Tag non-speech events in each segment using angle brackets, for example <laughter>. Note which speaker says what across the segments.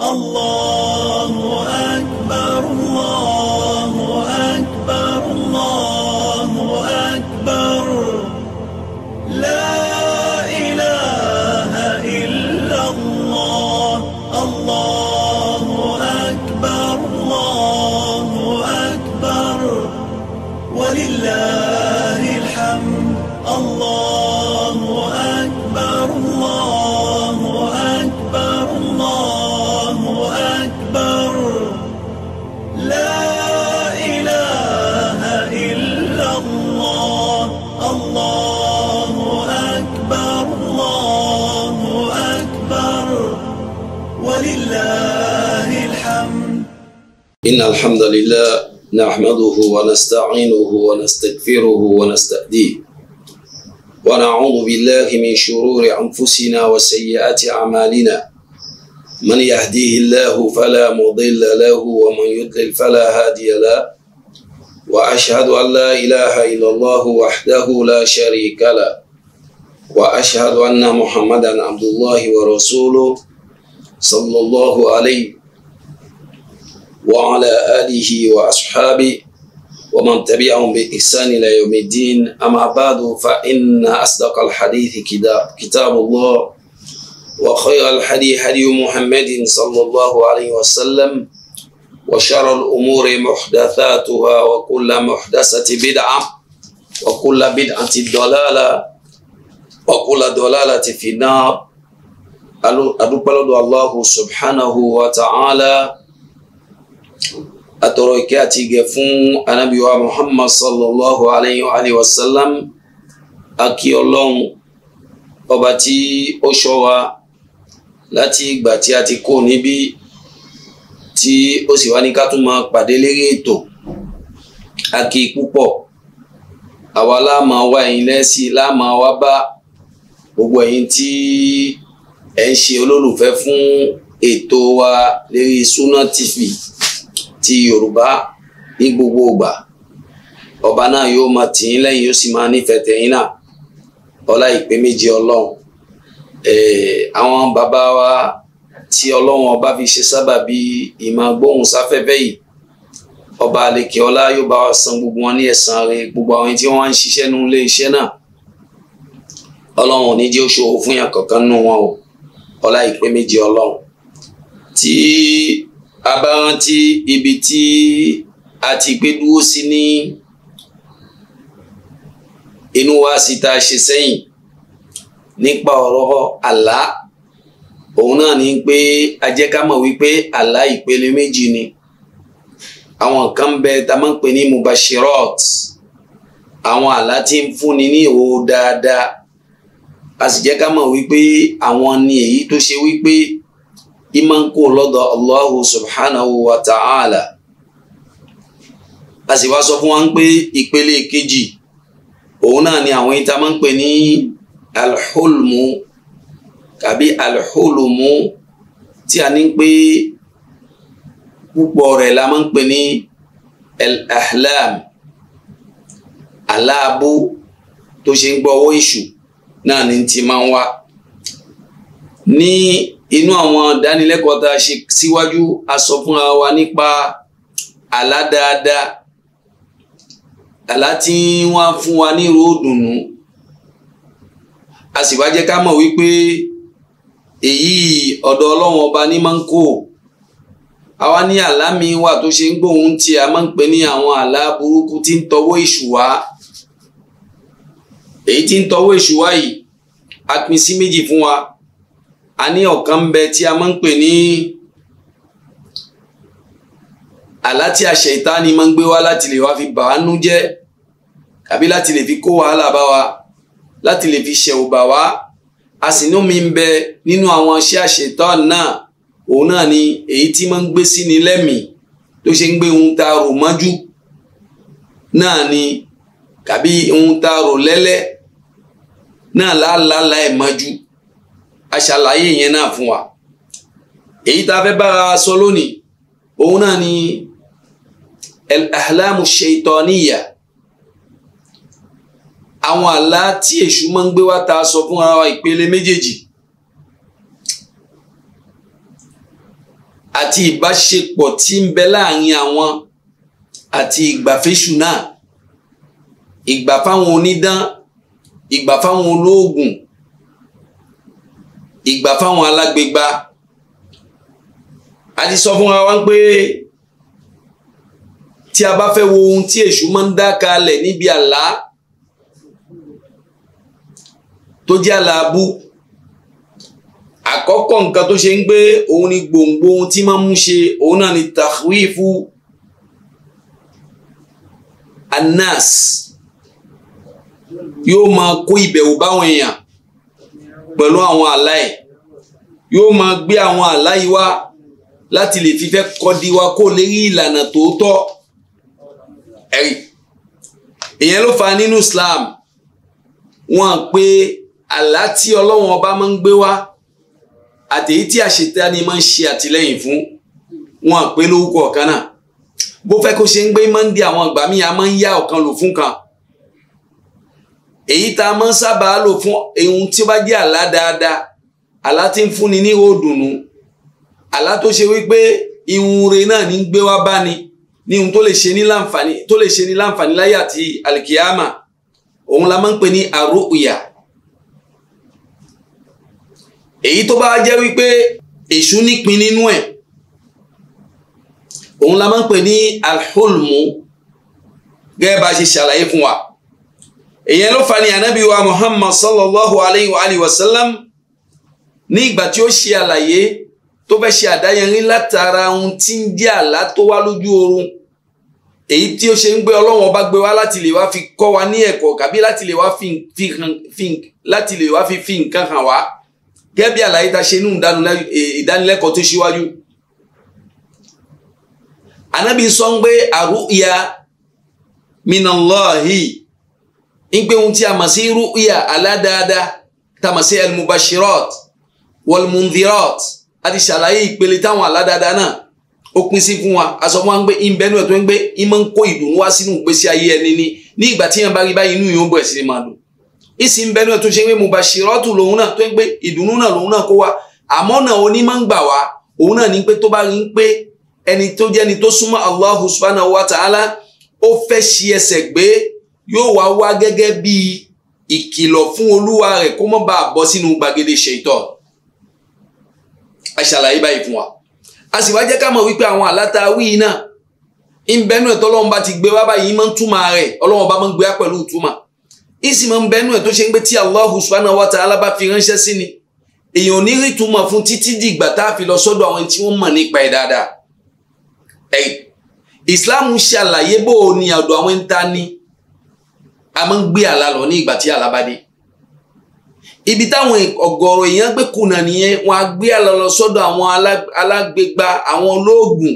Speaker 1: الله أكبر
Speaker 2: الحمد لله نحمده ونستعينه ونستغفره ونستهديه ونعوذ بالله من شرور أنفسنا وسيئات أعمالنا من يهديه الله فلا مضل له ومن يضلل فلا هادي له وأشهد أن لا إله إلا الله وحده لا شريك له وأشهد أن محمدا عبد الله ورسوله صلى الله عليه وعلى آله وأصحابه ومن تبعهم بإحسان إلى يوم الدين أما بعد فإن أصدق الحديث كتاب الله وخير الحديث هدي محمد صلى الله عليه وسلم وشر الأمور محدثاتها وكل محدثة بدعة وكل بدعة ضلالة وكل ضلالة في النار أدوبلد الله سبحانه وتعالى atọrọ ìkẹ́ àti ìgẹ̀ fún anábìwá muhammad sallallahu alayhi wa sallam akí ọlọ́run ọba tí ó ṣọ́ wa láti ìgbà tí a ti kó níbí tí ó sì wá ní ká tún máa pàdé lérí ètò akí púpọ̀ àwa láàmà wá ẹ̀yin lẹ́sìn láàmà wá bá gbogbo ẹ̀yin tí ẹ̀ ń ṣe olólùfẹ́ fún ètò wa lérí Sunna TV ti Yorùbá ní gbogbo ìgbà ọba náà yóò máa tì í lẹ́yìn yóò sì máa nífẹ̀ẹ́ tẹ̀yìn náà ọlá ìpè méjì ọlọ́run àwọn bàbá wa tí ọlọ́run ọba fi ṣe sábà bí ìmọ̀ gbóhùn sáfẹ́fẹ́ yìí ọba àlekè ọlá yóò bá wa san gbogbo wọn ní ẹ̀san rẹ̀ gbogbo àwọn tí wọ́n ń ṣiṣẹ́ nínú ilé iṣẹ́ náà ọlọ́run ò ní jẹ́ oṣù fún yàn kankan nínú wọn o ọlá ìpè méjì ọlọ́run tí a bá rántí ibi tí a ti gbé dúró sí ní inú wa sì tá a ṣe sẹ́yìn nípa ọ̀rọ̀ àlá òun náà ni pé a jẹ́ ká mọ̀ wípé àlá ìpele méjì ni àwọn kan ń bẹ tá máa ń pè ní mubashirot àwọn àlá tí ń fúnni ní ìwo dáadáa a sì jẹ́ ká mọ̀ wípé àwọn ni èyí tó ṣe wípé ìmọ̀ ń kó lọ́dọ̀ Allahu subhanahu wa ta'ala a sì wá sọ fún wa ń pé ìpele kejì òun náà ni àwọn ìta máa ń pè ní alhulmu tàbí alhulmu tí a ní pé púpọ̀ rẹ̀ la máa ń pè ní al aláàbò tó ṣe ń gbọ́ ọwọ́ ìṣù náà ni ti máa ń wá ní inú àwọn ìdánilẹ́kọ̀ọ́ tá a ṣe síwájú a sọ fúnra wa nípa àlá dáadáa àlá tí wọ́n fún wa ní ìró ìdùnnú a sì bá jẹ́ ká mọ̀ wípé èyí ọ̀dọ̀ ọlọ́run ọba ní máa ń kó àwa ní àlá mi wà tó ṣe ń gbóhùn tí a máa ń pè ní àwọn àlá burúkú tí ń tọwọ́ èṣù èyí tí ń tọwọ́ èṣù yìí a pín sí méjì fún wa a ní ọ̀kan ń bẹ tí a máa ń pè ní àlá tí a ṣẹ̀tánì máa ń gbé wá láti lè wá fi bà wá nú jẹ́ àbí láti lè fi kó wàhálà bá wa láti lè fi ṣẹ̀wò bà wá a sì ní omi ń bẹ nínú àwọn iṣẹ́ àṣetánì náà òun náà ni èyí tí máa ń gbé sí ni lẹ́mìí tó ṣe ń gbé ohun tá a rò mọ́jú náà ni kàbí ohun tá a rò lẹ́lẹ́ náà láàlá láì mọ́jú aṣàlàyé yẹn náà fún wa èyí tá a fẹ́ bára sọ lónìí òun náà ni alamu ṣètọ́níyà àwọn àlá tí èṣù máa ń gbé wá ta sọ fún ara ìpele méjèèjì àti ìbáṣepọ̀ tí ń bẹ láàrin àwọn àti ìgbàfẹ́ṣù náà ìgbà fáwọn onídán ìgbà fáwọn olóògùn ìgbà fáwọn alágbègbà a ti sọ fún wa wá pé tí a bá fẹ́ wo ohun tí èṣù máa ń dá kalẹ̀ níbi àlá tó jẹ́ àlàabú àkọ́kọ́ nǹkan tó ṣe ń gbé òun ni gbòǹgbò ohun tí máa ń mú ṣe òun náà ni tahwifu anas yóò máa kó ìbẹ̀wò báwọn èèyàn pẹ̀lú àwọn àlá ẹ̀ yóò máa gbé àwọn àlá yìí wá láti lè fi fẹ́ kọ́di wa kó lérí ìlànà tòótọ́ ẹ̀rí ìyẹn ló fa nínú Islam wọn pé àlá tí ọlọ́wọ́n ọba máa ń gbé wá àtèyí tí àṣetani máa ń ṣe àtìlẹ́yìn fún wọn pé lórúkọ ọ̀kan náà bó fẹ́ kó ṣe ń gbé máa ń di àwọn ìgbà míì a máa ń yá ọ̀kan lò fún kan èyí tá a máa ń sábà lò fún ohun tí ó bá jẹ́ àlá dáadáa àlá tí ń fúnni ní òdùnnú àlá tó ṣe wípé ihun náà ní gbé wá bá ni ní ohun tó lè ṣe ní láǹfààní tó lè ṣe ní láǹfààní láyé àti alikiyama òun la máa ń pè ní àròkùyà èyí tó bá jẹ́ wípé èṣù nípin nínú ẹ̀ òun la máa ń pè ní alholmu gẹ́gẹ́ bá a ṣe ṣàlàyé fún wa èyàn ló fa ni anabi wa muhammad sallallahu alayhi wa alayhi wa sallam ní ìgbà tí ó ṣe àlàyé tó fẹ́ ṣe àdáyẹnrí látara ohun tí ń jẹ́ àlá tó wá lójú oorun èyí tí ó ṣe ń gbé ọlọ́run ọba gbé wá láti lè wá fi kọ́ wa ní ẹ̀kọ́ kàbí láti lè wá fi nǹkan hàn wá gẹ́gẹ́ àlàyé ta ṣe nínú ìdánilẹ́kọ̀ọ́ tó ṣíwájú. anabi sọ ń gbé àrùyá minallahi ìgbé ohun tí a mọ̀ sí rúùyà aládáadáa tá a mọ̀ sí elmubashirot wọlmùndírọt a ti ṣàlàyé ìpele táwọn aládáadáa náà ó pín sí fún wa aṣọ wọn ń gbé ìbẹnú ẹ tó ń gbé ìmọ̀ ń kó ìdùnnú wá sínú ìgbésí ayé ẹni ni ní ìgbà tí yẹn bá rí báyìí inú yìí ó bẹ̀rẹ̀ sí máa dùn ìsìn ìbẹnú ẹ tó ṣe pé mubashirot lòun náà tó ń gbé ìdùnnú náà lòun náà kó wa àmọ́ náà onímọ̀ ń gbà wá òun náà ní pé tó bá rí ń pé ẹni tó jẹ́ni tó súnmọ́ Allahu subhanahu wa ta'ala ó fẹ́ ṣi ẹsẹ̀ gbé yóò wá wá gẹ́gẹ́ bí ìkìlọ̀ fún olúwa rẹ̀ kó mọ́ bá a bọ́ sínú gbàgede ṣètọ́ a ṣàlàyé báyìí fún wa a sì wá jẹ́ ká mọ̀ wípé àwọn àlátàwí náà ìbẹ́nu ẹ̀ tọ́lọ́run bá ti gbé wá báyìí máa ń túmọ̀ rẹ̀ ọlọ́run bá máa ń gbé wá pẹ̀lú ìtumọ̀ ìsì máa ń bẹ́nu ẹ̀ tó ṣe ń gbé tí Allahu subhanahu wa ta'ala bá fi ránṣẹ́ sí ni èèyàn ní rí túmọ̀ fún títí di ìgbà tá a fi lọ sọ́dọ̀ àwọn tí wọ́n mọ̀ nípa ẹ̀ dáadáa Islam ṣàlàyé bó o ní ọ̀dọ̀ àwọn ń ta ni a máa ń gbé àlá lọ ní ìgbà tí àlá bá dé ibi táwọn ọ̀gọ̀rọ̀ èèyàn gbé kùnà nìyẹn wọn á gbé àlá lọ sọ́dọ̀ àwọn alágbègbà àwọn olóògùn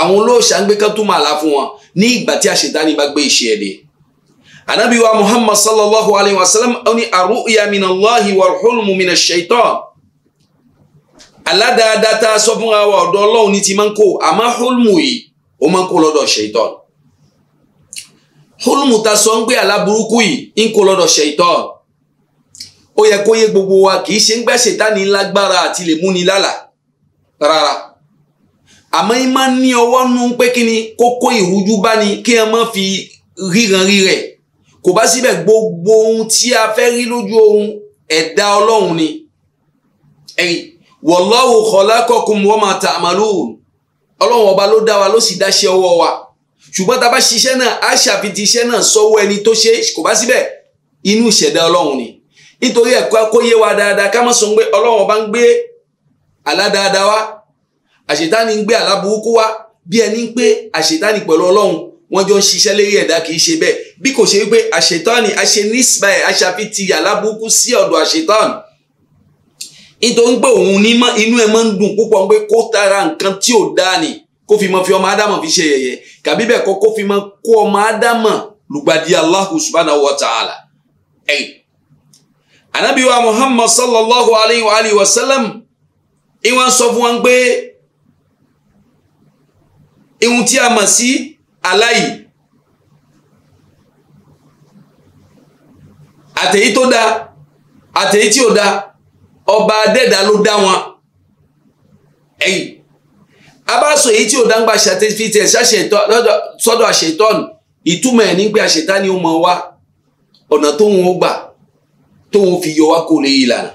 Speaker 2: àwọn olóòṣà ń gbé kán tó máa lá fún wọn ní ìgbà tí àṣetánì bá gbé ìṣe ẹ̀ dé muhammad sallallahu alayhi wa sallam ó ní arru'ya allahi wal hulmu min ash-shaytan tá a sọ fún wa ọ̀dọ̀ ọlọ́run ní ti máa ń kó àmọ́ hulmu yìí ó máa ń kó lọ́dọ̀ ṣaitan hólùmù ta sọ ń gbé aláburúkú yìí ń kó lọ́dọ̀ ṣèitán ó yẹ kó yé gbogbo wa kì í ṣe ń gbẹ́ ṣètánì lágbára àti lè múni lálà rárá àmọ́ yín máa ń ní ọwọ́ nú pé kí ni kó kó ìrújú bá ni kí ẹ má fi ríran rírẹ̀ kò bá síbẹ̀ gbogbo ohun tí a fẹ́ rí lójú ohun ẹ̀dá ọlọ́run ni ẹ̀rí wallahu khalaqakum wa ma ta'malun ọlọ́run ọba ló dá wa ló sì dáṣẹ́ ọwọ́ wa ṣùgbọ́n tá a bá ṣiṣẹ́ náà á ṣàfihàn iṣẹ́ náà sọ́wọ́ ẹni tó ṣe kò bá síbẹ̀ inú ìṣẹ̀dá ọlọ́run ni nítorí ẹ̀kọ́ kó yé wa dáadáa ká má sọ pé ọlọ́run bá ń gbé aládáadáa wá àṣetáni ń gbé aláburúkú wá bí ẹni ń pé àṣetáni pẹ̀lú ọlọ́run wọ́n jọ ń ṣiṣẹ́ lérí ẹ̀dá kì í ṣe bẹ́ẹ̀ bí kò ṣe wípé àṣetáni aṣenísìbà ẹ̀ aṣàfihàn aláburúkú sí ọ̀dọ̀ àṣetáni nítorí pé òun inú ẹ̀ máa ń dùn púpọ̀ pé kó tara nǹkan tí ò dáa ni kó fi mọ fi ọmọ ádámọ̀ fi ṣe yẹ̀yẹ́ kàbí bẹ́ẹ̀ kọ́ kó fi mọ kó ọmọ ádámọ̀ lùgbàdì Allahu subhanahu wa ta'ala. ẹ̀yìn anabi wa Muhammad sallallahu alayhi wa alayhi wa sallam ìwọ̀n sọ fún wọn pé ìwọ̀n tí a mọ̀ sí aláì àtẹ̀yí tó dáa àtẹ̀yí tí ò dáa ọba adẹ́dàá ló dá wọn ẹ̀yìn a bá sọ èyí tí ò dáńgbà fi tiẹ̀ sọ́dọ̀ àṣetọ́nù ìtumọ̀ ẹ̀ ní pé àṣetánì ó mọ wá ọ̀nà tóun ó gbà tóun fi yọ wá kó lè ìlànà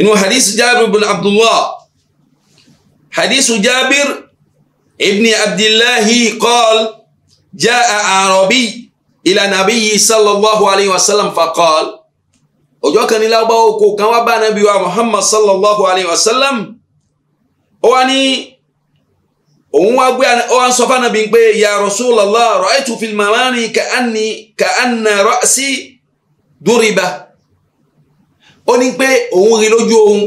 Speaker 2: inú hadith jabir ibn abdullah hadith jabir ibn abdullahi qal jaa arabi ila nabiyyi sallallahu alayhi wa sallam faqal ọjọ́ kan ní lágbàá oko kan wá bá nabi wa muhammad sallallahu alayhi wa sallam ó wá ní òun wá gbé ọwọ́n sọ fún anabi pé ya Rasulullah ra'aytu fil mamani ka'anni ka'anna ra'si duriba ó ní pé òun rí lójú òun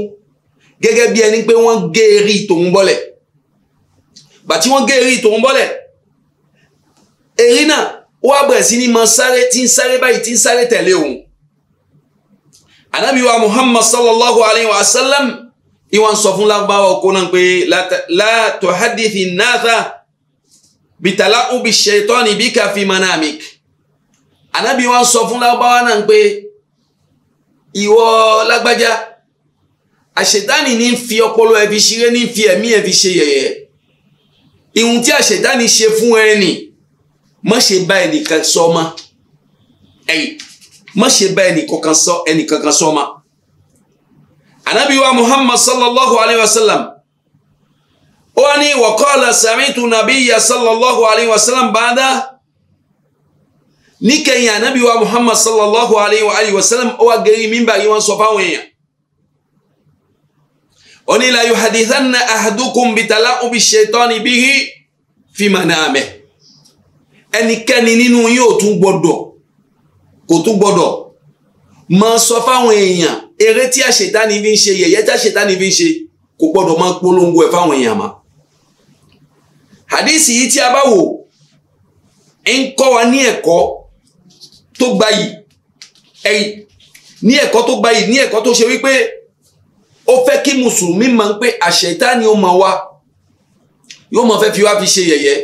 Speaker 2: gẹ́gẹ́ bí ẹni pé wọ́n gé eré tòun bọ́lẹ̀ bàtí wọ́n gé eré tòun bọ́lẹ̀ eré náà ó wá sí ní máa sáré tí ń sáré báyìí tí ń sáré tẹ̀lé òun anabi Muhammad sallallahu alayhi wa sallam ìwọ̀n sọ fún lágbáwá oko náà pé látọ̀ hadithi náà bìtàlá ubi ṣaitani bika fi manamik ànábì wọn sọ fún lágbáwá náà pé ìwọ lágbájá àṣetánì ní fi ọpọlọ ẹ fi ṣeré ní fi ẹ̀mí ẹ fi ṣe yẹ̀yẹ́ ìhun tí àṣetánì ṣe fún ẹ nì má ṣe bá ẹnìkan sọ ọmọ ẹyìn má ṣe bá ẹnìkankan sọ ọmọ anabi wa muhammad sallallahu alayhi wa sallam ó ní wàkọ́ọ̀lá sami'tu nabiyya sallallahu alayhi wa sallam ba'da níkẹyìn anabi wa muhammad sallallahu alayhi wa sallam ó wá gẹ̀rí mímbà yìí wọ́n sọ fáwọn èèyàn ó ní la yuhadithanna ahadukum bitala'ubi shaitani bihi fi manamih ẹnikẹ́ni nínú yín ò tún gbọ́dọ̀ kò tún gbọ́dọ̀ mọ sọ fáwọn èèyàn eré tí àṣetánì fi ń ṣe yẹ̀yẹ́ tí àṣetánì fi ń ṣe kò gbọ́dọ̀ máa polongo ẹ̀ fáwọn èèyàn mọ́. hadisi yìí tí a bá wò ń kọ́ wa ní ẹ̀kọ́ tó gbayì ní ẹ̀kọ́ tó gbayì ní ẹ̀kọ́ tó ṣe wípé ó fẹ́ kí mùsùlùmí mọ̀ pé àṣetánì ó mọ̀ wá yóò máa fẹ́ fi wá fi ṣe yẹ̀yẹ́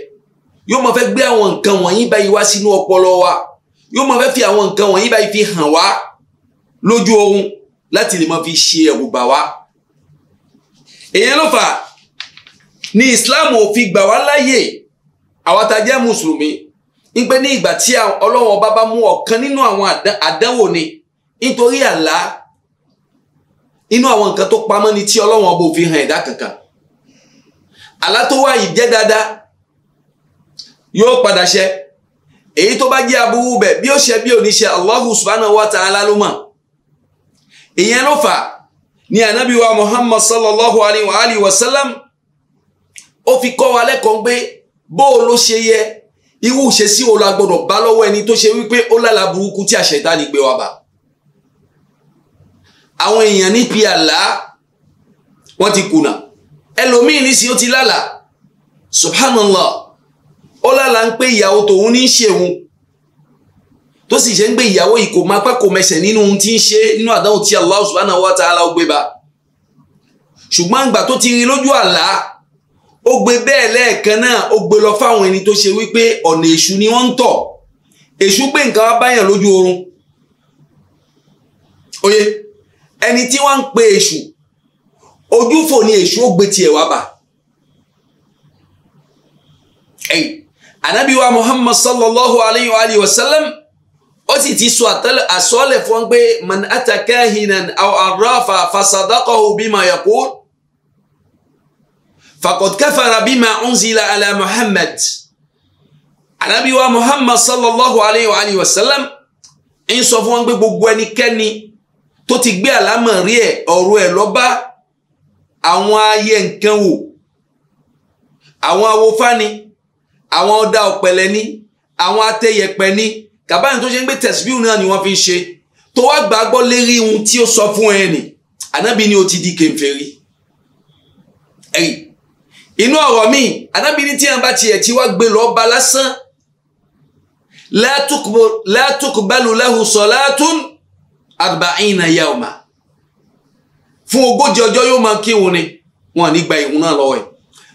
Speaker 2: yóò máa fẹ́ gbé àwọn nǹkan wọ̀nyí báyìí wá sínú ọpọlọ wa yóò máa fẹ́ fi àwọn nǹkan wọ̀nyí báyìí fi hàn wá lójú oorun láti lè máa fi ṣe ẹ̀rù bà wá èèyàn ló fà ní Islam ò fi gbà wá láyè àwa tá a jẹ́ mùsùlùmí ń pẹ́ ní ìgbà tí Ọlọ́run ọba bá mú ọ̀kan nínú àwọn àdánwò ni nítorí àlá inú àwọn nǹkan tó pamọ́ ni tí Ọlọ́run ọba ò fi hàn ẹ̀dá kankan àlá tó wá yìí jẹ́ dáadáa yóò padà ṣẹ èyí tó bá jẹ́ aburú bẹ̀ bí ó ṣe bí ò ní ṣe Allahu subhanahu wa ta'ala ló mọ̀ ìyẹn ló fà ní anabi wa muhammad sallallahu alayhi wa alayhi wa sallam ó fi kọ́ wa lẹ́kọ̀ọ́ pé bó o ló ṣe yẹ irú ìṣesí o la gbọdọ̀ bá lọ́wọ́ ẹni tó ṣe wípé ó lálà burúkú tí àṣẹ̀dá ni gbé wa bá àwọn èèyàn níbi àlá wọ́n ti kùnà ẹlòmíín ní sí ó ti lálà subhanallah ó lálà ń pé ìyàwó tòun ní í ṣe òun tó sì ṣe ń gbé ìyàwó yìí kò máa pẹ́ kò mẹsẹ̀ nínú ohun tí ń ṣe nínú àdáhùn tí Allah subhanahu wa ta'ala ó gbé bá ṣùgbọ́n àgbà tó ti rí lójú àlá ó gbé bẹ́ẹ̀ lẹ́ẹ̀kan náà ó gbé lọ fáwọn ẹni tó ṣe wípé ọ̀nà èṣù ni wọ́n ń tọ̀ èṣù gbé nǹkan wá báyàn lójú oorun oye ẹni tí wọ́n ń pe èṣù ojúfò ni èṣù ó gbé tiẹ̀ wá bà ẹ̀yìn ànábì Muhammad sallallahu alayhi wa sallam ó sì ti sọ àsọ́ọ̀lẹ̀ fún pé man ataka hinan aw arrafa fasadaqahu bima yaqul faqad kafara bima unzila ala muhammad anabi wa muhammad sallallahu alayhi wa alihi wa sallam ń sọ fún wọn pé gbogbo ẹnikẹ́ni tó ti gbé àlámọ̀ rí ẹ̀ ọ̀rọ̀ ẹ̀ lọ́ba àwọn ayé nǹkan wò àwọn awofáni àwọn ọ̀dà ọ̀pẹ̀lẹ̀ ni àwọn atẹ́yẹpẹ̀ ni kàbáyìn tó ṣe ń gbé tẹ̀síbíù náà ni wọ́n fi ń ṣe tó wá gbàgbọ́ lérí ohun tí ó sọ fún ẹ nì ànábì ni ó ti di kèfèrí ẹ̀rí inú ọ̀rọ̀ mi ànábì ni tí a bá tiẹ̀ tí wá gbé lọ́ọ́ ba lásán látùkùbálù lẹ́hùn sọ̀látún àgbàyìn náà yá ọ̀mà fún ogójì ọjọ́ yóò máa kírun ni wọn ní gba ìhun náà lọ́wọ́ ẹ̀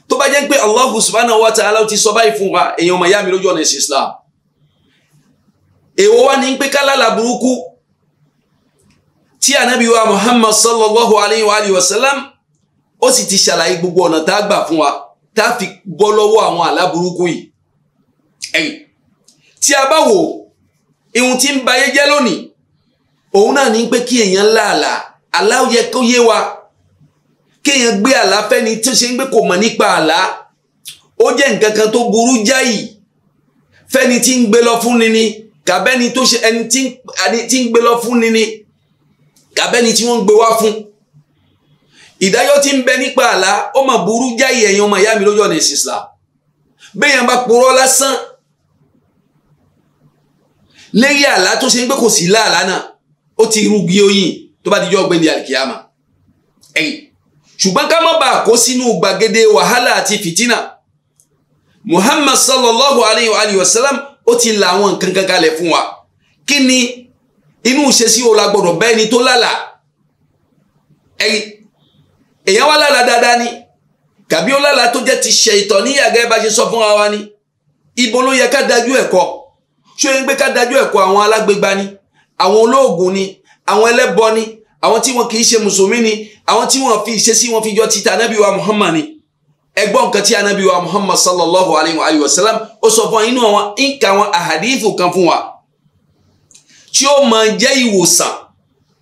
Speaker 2: tó bá jẹ́ pé Allahu subhanahu wa ta'ala ti sọ báyìí fún wa èèyàn ọmọ ìyá mi lójú ọ̀nà ìsìn Islam èwo wá ní pé kálálà burúkú tí ànábì wa muhammad sallallahu alayhi wa wa sallam ti ṣàlàyé gbogbo ọ̀nà tá a gbà fún wa tá fi bọ́ lọ́wọ́ àwọn àlá burúkú yìí tí a bá wò ihun tí ń bayé jẹ́ lónìí òun náà ní pé kí èèyàn láàlà àlá kó yé wa kéèyàn gbé àlá fẹ́ni tí ṣe ń gbé kò mọ̀ nípa àlá ó lọ fún ni kàbẹ́ni tó ṣe ẹni tí ń gbé lọ fún ni ni kàbẹ́ni tí wọ́n ń gbé wá fún ìdájọ́ tí ń bẹ nípa àlá ó mà burú jáì ẹ̀yin ọmọ ìyá mi lójú ọ̀nà ìsìn Islam béèyàn bá purọ́ lásán lérí àlá tó ṣe ń pé kò sí láàlá náà ó ti rúgi oyin tó bá dijọ́ ọgbẹ́ni àlìkíyàmà ẹ̀yìn ṣùgbọ́n ká má bàa kó sínú gbàgede wàhálà àti fìtínà Muhammad sallallahu alayhi wa sallam ó ti la àwọn nǹkan kan kalẹ̀ fún wa kí ni inú ìṣesí wo la gbọdọ̀ bá ẹni tó lálàá ẹ̀yìn èèyàn wá lálàá dáadáa ni tàbí ó lálàá tó jẹ́ ti ṣe ìtọ̀ ní yàgẹ́ bá ṣe sọ fún wa ni ibo ló yẹ ká dájú ẹ̀kọ́ ṣé ń gbé ká dájú ẹ̀kọ́ àwọn alágbègbà ni àwọn olóògùn ni àwọn ẹlẹ́bọ ni àwọn tí wọn kì í ṣe mùsùlùmí ni àwọn tí wọn fi ìṣesí wọn fi yọ títà nábì Muhammad ni ẹgbọ́n nǹkan tí anabi wa muhammad sallallahu alayhi wa sallam ó sọ fún wa inú àwọn nǹkan àwọn ahadífù kan fún wa tí ó máa jẹ́ ìwòsàn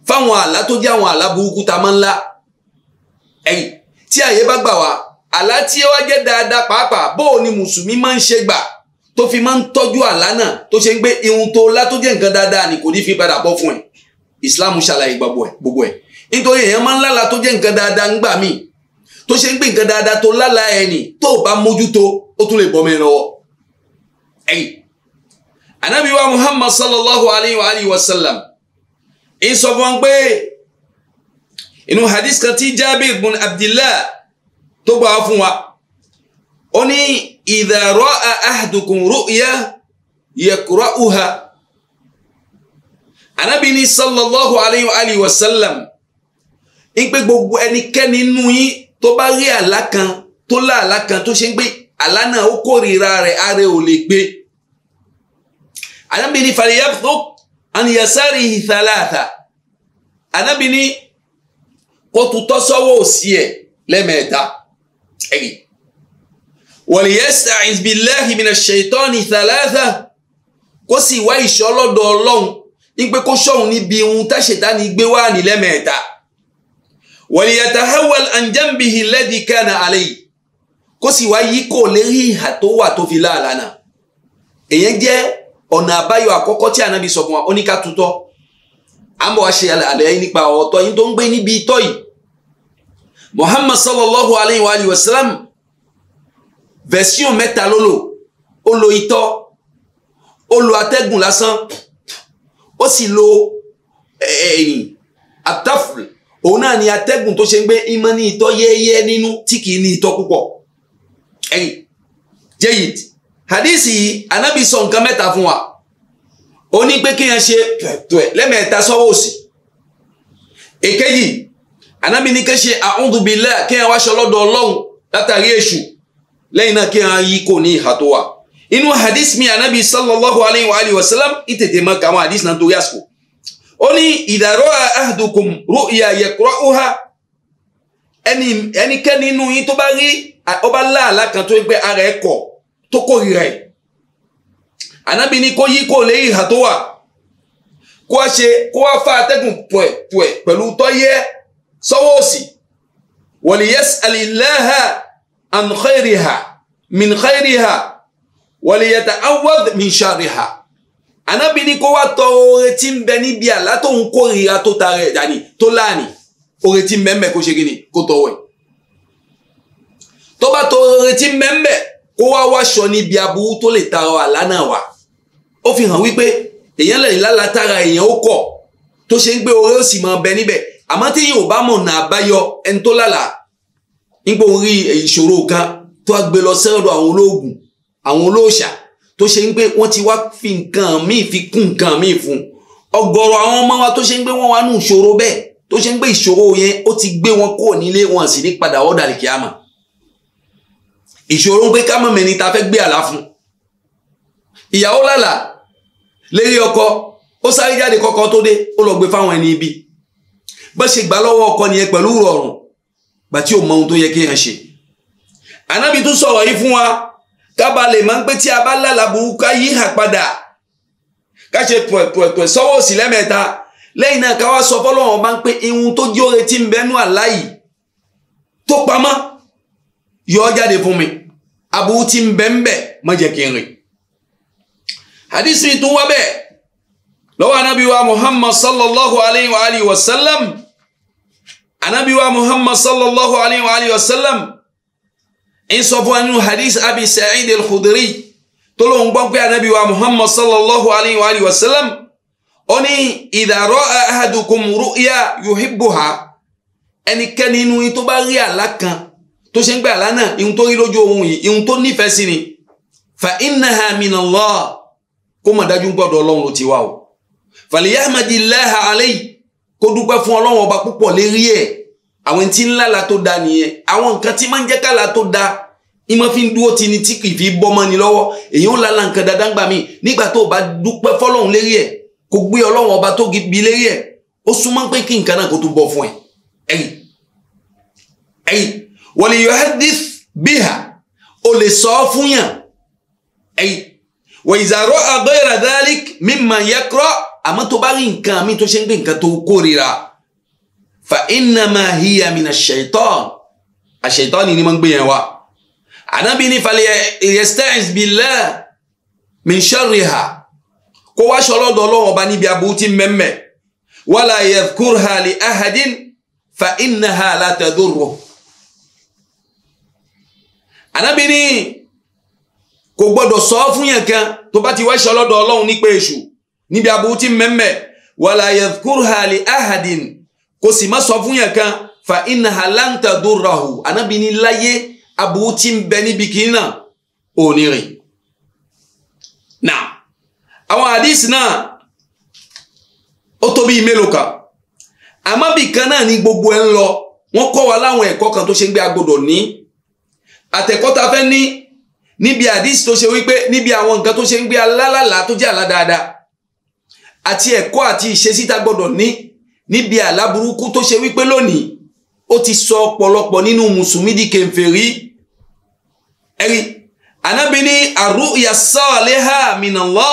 Speaker 2: fáwọn àlá tó jẹ́ àwọn àlá burúkú ta máa ń lá ẹ̀yìn tí àyè bá gbà wá àlá tí ó wá jẹ́ dáadáa pàápàá bóò ni mùsùlùmí máa ń ṣe gbà tó fi máa ń tọ́jú àlá náà tó ṣe ń gbé ihun tó lá tó jẹ́ nǹkan dáadáa ni kò ní fi padà bọ́ fún ẹ̀ islam ṣàlàyé gbogbo ẹ̀ nítorí èèyàn máa ń lálàá tó jẹ́ nǹkan dáadáa ńgbà míì tó ṣe ń gbé nǹkan dáadáa tó lálá ẹni tó bá mójútó ó tún lè bọ́ mi lọ́wọ́ ẹ̀yìn anabi wa muhammad sallallahu alayhi wa alihi wa sallam ń sọ fún wọn pé inú hadith kan tí jabir bin abdillah tó gbà wá fún wa ó ní idha ra'a ahadukum ru'ya yakra'uha anabi ní sallallahu alayhi wa alihi wa sallam ń pé gbogbo ẹnikẹ́ni nínú yín tó bá rí àlá kan tó lá àlá kan tó ṣe ń gbé àlá náà ó kórìíra rẹ̀ ààrẹ ò lè gbé anabi ni fàlẹ́ yàtọ̀ àníyàsáre ìtàláàtà anabi ni kó tutọ́ sọ́wọ́ òsì ẹ̀ lẹ́mẹ̀ẹ́ta ẹ̀rí wàlìyẹ́sà ìbílẹ́hìn mi nà ṣètọ́ ní kó sì wá ìṣọ́ lọ́dọ̀ ọlọ́run ní pé kó ṣọ́hun níbi ohun táṣetá ni gbé wá ní lẹ́mẹ̀ẹ́ta wàlíyàtàhẹ́wàl àǹjẹ́mbìhì lẹ́dí kánà àlẹ́ yìí kó sì wá yí kò lérí ìhà tó wà tó fi láàlá náà èyàn jẹ́ ọ̀nà àbáyọ àkọ́kọ́ tí ànábi sọ fún wa ó ní ká tutọ́ à ń bọ̀ wá ṣe àlàyé nípa ọ̀tọ̀ yín tó ń gbé níbi itọ́ yìí Muhammad sallallahu alayhi wa alayhi wa sallam version mẹ́ta ló lò ó lo itọ́ ó lo atẹ́gùn lásán ó sì lo eh, ẹ̀yìn ataful òun náà ni atẹ́gùn tó ṣe ń gbé ìmọ̀ ní itọ́ yẹ́yẹ́ nínú tí kì í ní itọ́ púpọ̀ ẹ̀yìn jẹ́yìd hadisi anabi sọ nǹkan mẹ́ta fún wa ó ní pé kéèyàn ṣe pẹ̀tùẹ̀ lẹ́mẹ̀ẹ́ta sọ́wọ́ òsì èkejì anabi ní ké ṣe a'udhu billahi wá ṣe ọlọ́dọ̀ ọlọ́run látàrí èṣù lẹ́yìn náà kéèyàn yí kò ní ìhà tó wà inú hadisi mi anabi sallallahu alayhi wa sallam ìtètè mọ́ kàwọn hadisi náà torí àsìkò ó ní ìdàrọ́ ahdukum ru'ya yaqra'uha ẹni ẹnikẹ́ni inú yín tó bá rí ó bá láàlá kan tó ń pẹ́ ara ẹ̀ kọ̀ tó kórìíra ẹ̀ ànábì ní kó yí kó lè ìhà tó wà kó wá ṣe kó wá fa atẹ́gùn pùẹ̀ pẹ̀lú tọ́yẹ́ sọ́wọ́ òsì wọ̀lì yas'alillaha an khairiha min wọ̀lì yata'awwad min sharriha anabi ni kó wá tọ oore tí ń bẹ níbi àlá tó ń kórìíra tó ta rẹ̀ dání tó láàní oore tí ń bẹ́ẹ̀ kó ṣe kí ni kó tọwọ́ ẹ̀ tó bá tọ oore tí ń bẹ́ẹ̀ kó wá wáṣọ níbi aburú tó lè tara àlá náà wá ó fi hàn wípé èèyàn lè lála tara èèyàn ó kọ̀ tó ṣe ń gbé oore ó sì máa bẹ níbẹ̀ àmọ́ tí yìí bá mọ̀ ọ̀nà àbáyọ ẹni tó lálàá nígbà orí ìṣòro kan tó a gbé lọ sẹ́rọ̀dọ̀ àwọn olóògùn àwọn olóòṣà tó ṣe ń pé wọ́n ti wá fi nǹkan míì fi kún nǹkan míì fún ọ̀gọ̀rọ̀ àwọn ọmọ wa tó ṣe ń pé wọ́n wá nù ìṣòro bẹ́ẹ̀ tó ṣe ń pé ìṣòro yẹn ó ti gbé wọn kúrò nílé wọn sì ní padà ọ̀dà lè kíá mọ̀ ìṣòro pé ká mọ̀ mẹ́ni ta fẹ́ gbé àlá fún ìyàwó lálàá lérí ọkọ ó sáré jáde kọkọ tó dé ó lọ gbé fáwọn ẹni ibi bó ṣe gbà lọ́wọ́ ọkọ nìyẹn pẹ̀lú rọrùn gbà ò mọ ohun tó yẹ kéèyàn ṣe ànábì tún sọ̀rọ̀ yìí fún wa kábà lè máa ń pé tí a bá lálàá burúkú ká yí hàn padà ká ṣe pẹ̀pẹ̀pẹ̀ sọ́wọ́ òsì lẹ́mẹ̀ta lẹ́yìn náà ká wá sọ fọ́lọ́run bá ń pé ihun tó jẹ́ oore tí ń bẹ́nu àlá yìí tó pamọ́ yọ ọ́ jáde fún mi aburú tí ń bẹ́ ń bẹ̀ má jẹ́ kí n rìn. hadith mi wá bẹ́ẹ̀ lọ́wọ́ anábì muhammad sallallahu alayhi wa sallam anábì muhammad sallallahu alayhi wa sallam ìsọfún ẹnu hadith abi sa'id al-khudri tó lóun gbọ́ pé anabi wa muhammad sallallahu alayhi wa sallam ó ní idha ra'a ahadukum ru'ya yuhibbuha ẹnikẹ́ni inú yín tó bá rí àlá kan tó ṣe ń gbé àlá náà ihun tó rí lójú ohun yìí ihun tó nífẹ̀ẹ́ sí ni fa innaha min Allah kó mọ̀ dájú gbọ́dọ̀ ọlọ́run ló ti wá o fàlìyàmàdìláha alayhi kó dúpẹ́ fún ọlọ́run ọba púpọ̀ lérí ẹ̀ àwọn tí ńlá la tó da nìyẹn àwọn nǹkan tí máa ń jẹ́ ká la tó da ní máa fi ń dúró ti ni tí kì í fi bọ́mọ ni lọ́wọ́ èyàn ń lala nǹkan dáadáa gbà mí nígbà tó o bá dúpẹ́ fọlọ́run lérí ẹ̀ kó gbé ọlọ́run ọba tó bi lérí ẹ̀ ó súnmọ́ pé kí nǹkan náà kó tún bọ̀ fún ẹ̀ ẹ̀yìn ẹ̀yìn wọ́n lè yọ hadith bíhà o lè sọ ọ́ fún yàn ẹ̀yìn wọ́n ìzàrọ̀ àgbẹ̀rẹ̀ dalik mimma yakra àmọ́ tó bá rí nǹkan mi tó ṣe ń gbé nǹkan tó kórira fa innama hiya mina shaitan àṣetán ni ni mo ń gbé yẹn wá ànábì ní falẹ̀ yastaiz billah min sharriha kó wá ṣọ́ lọ́dọ̀ Ọlọ́run ọba níbi aburú tí mẹ́mẹ́ wala yadhkurha li ahadin fa innaha la tadurru ànábì ní kò gbọ́dọ̀ sọ fún yẹn kan tó bá ti wá ṣọ́ Ọlọ́run nípa èṣù níbi aburú tí mẹ́mẹ́ wala yadhkurha li ahadin kò sì má sọ fún yàn kan fa iná halanta dúrọ̀hù anábì ní láyé aburú tí ń bẹ níbi kìíní náà ò ní rìn. nà àwọn àdìsí náà ó tó bíi mélòó kan àmọ́ bìkan náà ní gbogbo ẹ̀ ń lọ wọ́n kọ́ wa láwọn ẹ̀kọ́ kan tó ṣe ń gbé agbọ́dọ̀ ní àtẹ̀kọ́ta fẹ́ ní níbi àdìsí tó ṣe wípé níbi àwọn nǹkan tó ṣe ń gbé alálàlà tó jẹ́ àlá dáadáa àti ẹ̀kọ́ àti ìṣesí tá ní níbi àlá burúkú tó ṣe wípé lónìí ó ti sọ ọ̀pọ̀lọpọ̀ nínú mùsùlùmí di kèfèrí ẹ̀rí anábì ní àrùyà sọ́ọ̀lẹ́hà mìnàlọ́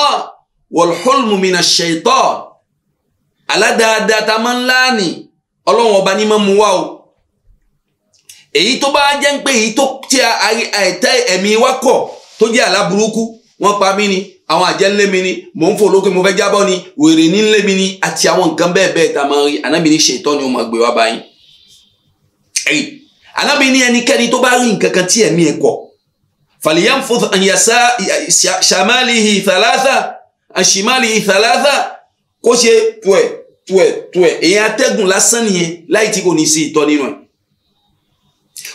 Speaker 2: wọ̀lhólmù mìnà ṣètọ́ aládáadáa tá a máa ń láàánì ọlọ́run ọba ní máa mú wá o èyí tó bá jẹ́ ń pé èyí tó ti àìtẹ́ ẹ̀mí wákọ̀ tó jẹ́ àlá wọ́n pa mí ni àwọn àjẹ́ ńlé mi ni mò ń fò lókè mo fẹ́ jábọ́ ni wèrè ní ńlé mi ni àti àwọn nǹkan bẹ́ẹ̀ bẹ́ẹ̀ tá a máa rí anábì ní ṣètọ́ ni ó máa gbé wá báyìí. ẹ̀yìn anábì ní ẹnikẹ́ni tó bá rí nǹkan kan tí ẹ̀mí ẹ̀ kọ̀ falyanfudh an yasa shamalihi thalatha an shimalihi kó ṣe tuẹ̀ tuẹ̀ tuẹ̀ èyí atẹ́gùn lásán nìyẹn láì tí kò ní sí ìtọ́ nínú ẹ̀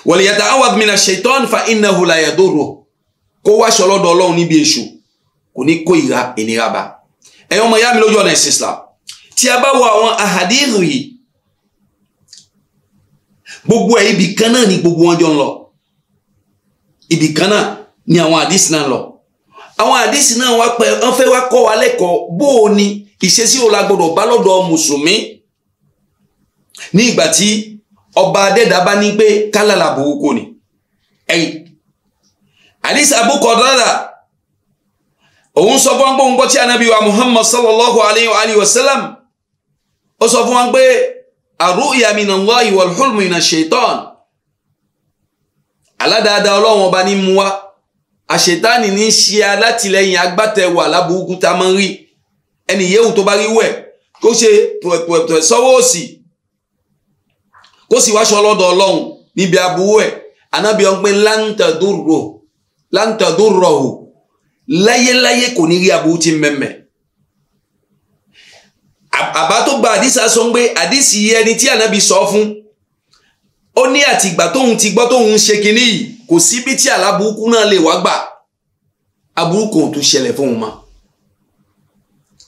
Speaker 2: wal yata'awadh mina shaytan fa innahu la yadurruh kó wáṣọ lọ́dọ̀ ọlọ́run níbi èṣù kò ní kó ìra ìnira bá ẹ̀yin ọmọ ìyá mi lójú ọ̀nà ìsìn Islam tí a bá wo àwọn ahadith yìí gbogbo ẹ̀ ibì kan náà ni gbogbo wọn jọ ń lọ ibì kan náà ni àwọn àdìsí náà lọ àwọn àdìsí náà wá pẹ wọn fẹ́ wá kọ́ wa lẹ́kọ̀ọ́ bó o ní ìṣesí wo la gbọ́dọ̀ bá lọ́dọ̀ mùsùlùmí ní ìgbà tí ọba adẹ́dá bá ní pé kálá làbò kò ní àdìsí abúkọ̀ dáadáa òun sọ fún wa pé òun gbọ́ tí anabi wa muhammad sallallahu alayhi wa alayhi wa sallam ó sọ fún wa pé àrùyà minallahi wal hulmu minash shaitan aládáadáa ọlọ́run ọba ní mu wa àṣetáni ní í ṣe alátìlẹyìn agbátẹwò aláburúkú tá a máa ń rí ẹni yéwu tó bá rí wẹ̀ kó ṣe pẹ̀pẹ̀pẹ̀ sọ́wọ́ òsì kó sì wáṣọ lọ́dọ̀ ọlọ́run níbi aburú anábìọ́n pé láǹtàdúrò láǹtàdúrò hù láyéláyé kò ní rí aburú tí ń mẹ́mẹ́ àbá tó gba àdísà sọ pé àdísì ẹni tí ànábì sọ fún ó ní àtìgbà tóun ti gbọ́ tóun ń ṣe kinní yìí kò sí bí tí aláburúkú náà lè wá gbà aburú kan ò tún ṣẹlẹ̀ fóun mọ́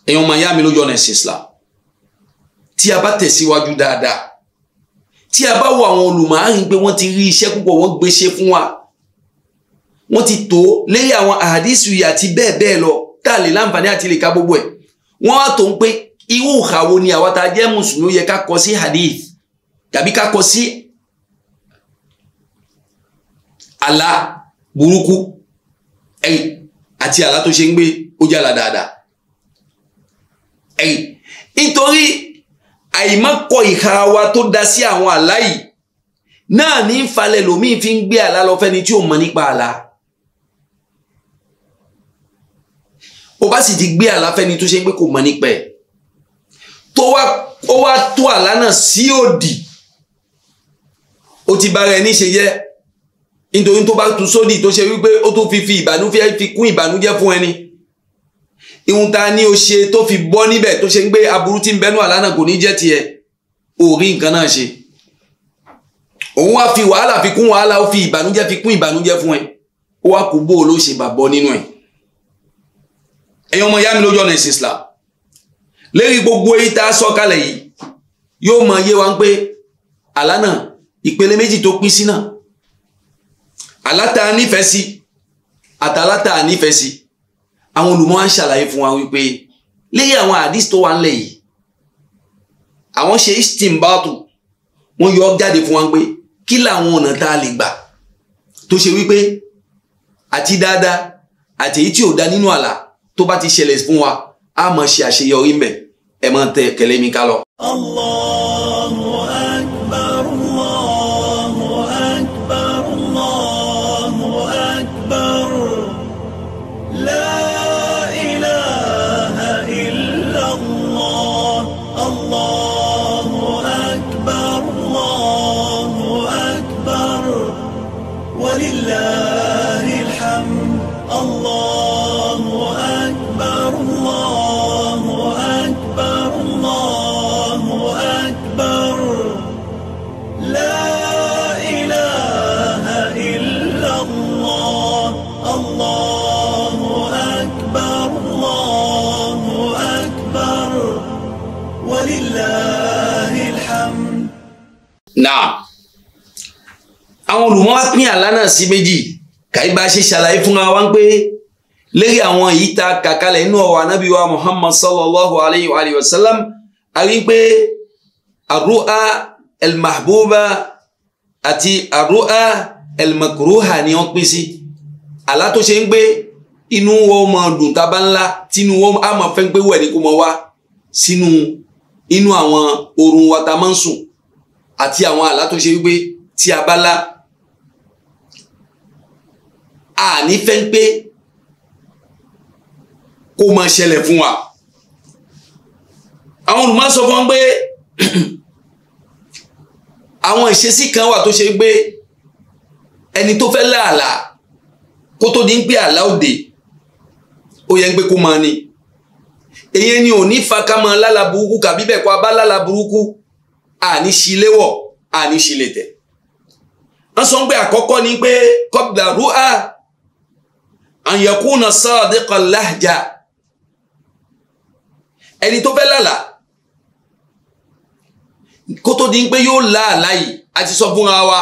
Speaker 2: èèyàn máa yá mi lójú ọ̀nà ẹ̀sìn Islam tí a bá tẹ̀síwájú dáadáa tí a bá wo àwọn olùmọ̀ á pé wọ́n ti rí iṣẹ́ púpọ̀ wọ́n gbéṣẹ́ fún wa wọ́n ti tó lẹ́yìn àwọn àdísù yìí àti bẹ́ẹ̀ bẹ́ẹ̀ lọ tá a lè láǹfààní àti lè ka gbogbo ẹ̀ wọ́n á tó ń pé irú ìhàwó ni àwa tá a jẹ́ mùsùlùmí yẹ ká kọ sí hadith tàbí ká kọ sí àlá burúkú ẹ̀yìn àti àlá tó ṣe ń gbé ó jàlá dáadáa ẹ̀yìn nítorí àìmọ́kọ ìhà wa tó dá sí àwọn àlá yìí náà ní falẹ̀ lòmíì fi ń gbé àlá lọ fẹ́ni tí ò mọ̀ nípa àlá ó bá sì ti gbé àláfẹ́ni tó ṣe pé kò mọ̀ nípa ẹ̀ tó wá ó wá tó àlá náà sí òdì ó ti bára ẹni ṣe yẹ nítorí tó bá tún sódì tó ṣe wípé ó tó fi fi ìbànújẹ́ fi kún ìbànújẹ́ fún ẹni ihun ta ni ó ṣe tó fi bọ́ níbẹ̀ tó ṣe ń gbé aburú tí ń bẹ́nu àlá náà kò ní jẹ́ tiẹ̀ ò rí nǹkan náà ṣe òun wá fi wàhálà fi kún wàhálà ó fi ìbànújẹ́ fi kún ìbànújẹ́ fún ẹ ó wá kó bó o ló ṣe bàbọ́ nínú ẹ̀ ẹ̀yin ọmọ ìyá mi lójú ọ̀nà ìsìn Islam lérí gbogbo èyí tá a sọ kalẹ̀ yìí yóò mọ yé wa pé àlá náà ìpele méjì tó pín sí náà àlá tá a nífẹ̀ẹ́ sí àtàlá tá a nífẹ̀ẹ́ sí àwọn olùmọ̀ á ń ṣàlàyé fún wa wípé léyìn àwọn àdìs tó wà ńlẹ̀ yìí àwọn ṣe istimbatu wọ́n yọ jáde fún wa pé kí làwọn ọ̀nà tá a lè gbà tó ṣe wípé àti dáadáa àti èyí tí ò da nínú àlá tó bá ti ṣẹlẹ̀ fún wa a máa ṣe àṣeyọrí ń bẹ̀ ẹ máa tẹ kẹlẹ́mi ká lọ. Allah. náà àwọn olùmọ̀ wá pín àlá náà sí méjì kàí bá ṣe ṣàlàyé fún wa pé lérí àwọn èyí ta kàkálẹ̀ inú ọ̀rọ̀ anábì wa muhammad sallallahu alayhi wa alayhi wa sallam a rí pé arúhà elmahbuba àti arúhà elmakruha ni wọ́n pín sí àlá tó ṣe ń gbé inú wọn máa dùn tábà ńlá tínú wọn á máa fẹ́ gbé wẹ̀ ní kó máa wá sínú inú àwọn oorun wa ta máa ń sùn àti àwọn àlá tó ṣe wípé tí a bá lá a ní fẹ́ pé kó máa ṣẹlẹ̀ fún wa àwọn olùmọ̀ sọ fún wọn pé <clears throat> àwọn ìṣesí kan wà tó ṣe pé ẹni tó fẹ́ láàlá kó tó di ń pé àlá òde ó yẹ ń pé kó máa ni èyí ni ò ní fa ká máa lála burúkú kàbí bẹ́ẹ̀ kó a bá lála burúkú àní sílé wọ̀ àní sílé tẹ̀ wọ́n sọ pé àkọ́kọ́ ni pé kọ́bìlà rúà àyẹ̀kùnà sadiqal lahja ẹni tó fẹ́ lálàá kó tó di pé yóò lá àlá yìí a ti sọ fúnra wa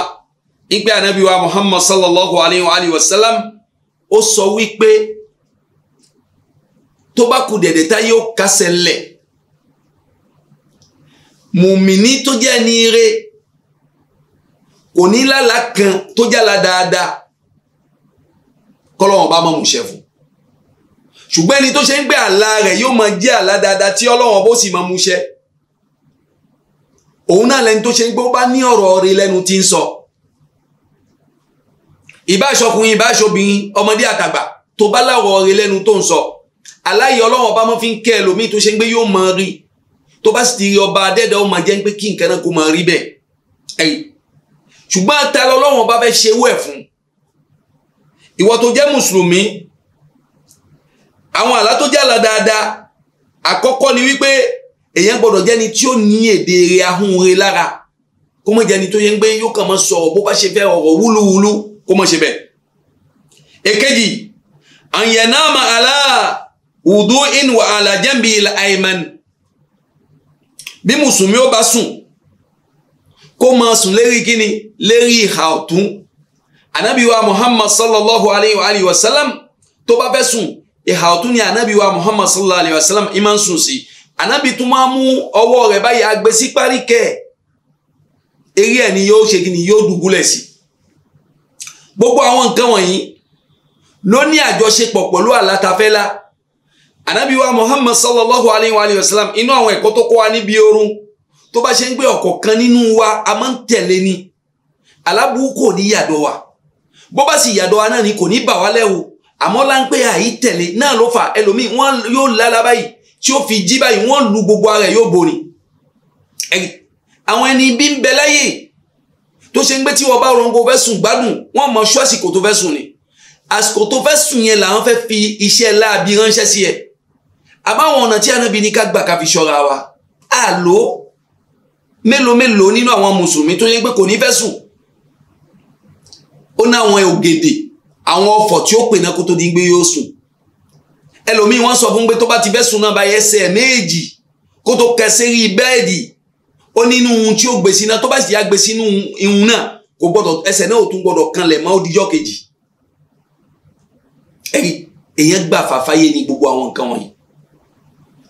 Speaker 2: ipe anabi wa muhammad sallallahu alayhi wa sallam ó sọ wípé tó bá kù dẹ̀dẹ̀ yóò kásẹ̀ lẹ̀ mùmíní tó jẹ́ ní ire kò ní lálá kan tó jálá dáadáa kọ́lọ́wọ́n bá máa mú ṣe fún ṣùgbọ́n ẹni tó ṣe ń gbé àlá rẹ̀ yóò máa jẹ́ àlá dáadáa tí ọlọ́wọ́n bó sì máa mú ṣe òun náà lẹni tó ṣe ń gbé ó bá ní ọ̀rọ̀ rí lẹ́nu tí ń sọ ìbáṣọkùnrin ìbáṣọbìnrin ọmọdé àtàgbà tó bá láwọ̀ rí lẹ́nu tó ń sọ aláyọ̀ ọlọ́wọ́n bá máa fi ń kẹ́ ẹlòmíì tó ṣe ń gbé yóò máa rí tó bá sì ti rí ọba adẹ́dàá ó máa jẹ́ pé kí nǹkan náà kó máa rí bẹ́ẹ̀ ẹ̀yìn ṣùgbọ́n àtàlọ́ ọlọ́run ọba fẹ́ ṣe ewé ẹ̀ fún ìwọ tó jẹ́ mùsùlùmí àwọn àlá tó jẹ́ àlá dáadáa àkọ́kọ́ ni wípé èèyàn gbọ́dọ̀ jẹ́ni tí ó ní èdè rẹ ahun lára kó má jẹ́ni tó yẹ ń yóò kàn máa sọ̀rọ̀ bó bá ṣe fẹ́ ọ̀rọ̀ wúlúwúlú kó má ṣe bẹ́ẹ̀. èkejì àyànnáàmà àlá wùdú ìnùwà àlàjẹ́mbì àìmánì bí mùsùlùmí ó bá sùn kó máa sùn lérí kíni lérí ìhà ọ̀tún ànábì muhammad sallallahu alayhi wa sallam tó bá fẹ́ sùn ìhà ọ̀tún ni ànábì muhammad sallallahu alayhi wa sallam ìmọ̀ ń sùn sí ànábì tún máa mú ọwọ́ rẹ̀ báyìí agbésí parí kẹ́ eré ẹ̀ ni yóò ṣe kíni yóò dùbúlẹ̀ sí gbogbo àwọn nǹkan wọ̀nyí ló ní àjọṣepọ̀ pẹ̀lú àlátafẹ́lá anabi wa muhammad sallallahu alayhi wa, alayhi wa sallam inú àwọn ẹ̀kọ́ tó kọ́ wa níbi oorun tó bá ṣe ń gbé ọ̀kọ̀ọ̀kan nínú wa a máa ń tẹ̀lé ni aláburú kò ní yàdọ̀ wa bó bá sì yàdọ̀ wa náà ni kò ní bà wá lẹ́wọ̀ àmọ́ láńpẹ́ àyí tẹ̀lé náà ló fà ẹlòmíì wọ́n yóò lára báyìí tí ó fi jí báyìí wọ́n lu gbogbo ara ẹ̀ yóò borí àwọn ẹni bí ń bẹ láyè tó ṣe ń gbé tí wọ́n bá rongo fẹ́ sùn gbádùn wọ́n mọ ṣọ́ àsìkò tó fẹ́ sùn ni àsìkò tó fẹ́ sùn yẹn làwọn fẹ́ fi iṣẹ́ láabi ránṣẹ́ sí ẹ àbáwọn ọ̀nà tí anábì ní ká gbà ká fi ṣọ́ra wa àlò mélòó mélòó nínú àwọn mùsùlùmí tó yẹ pé kò ní fẹ́ sùn ó ní àwọn ògèdè àwọn ọfọ̀ tí ó pè náà kó tó di gbé yóò sùn ẹlòmíì wọ́n sọ fún pé tó bá ti fẹ́ sùn náà bá yẹ ẹsẹ̀ méjì kó tó kẹsẹ́ rí bẹ́ẹ̀dì ó nínú ohun tí ó gbé sí náà tó bá sì yá gbé sínú ihun náà kò gbọ́dọ̀ ẹsẹ̀ náà ò tún gbọ́dọ̀ kanlẹ̀ mọ́ ó kejì èyí èyàn gbà fàfáyé ni gbogbo àwọn nǹkan wọ̀nyí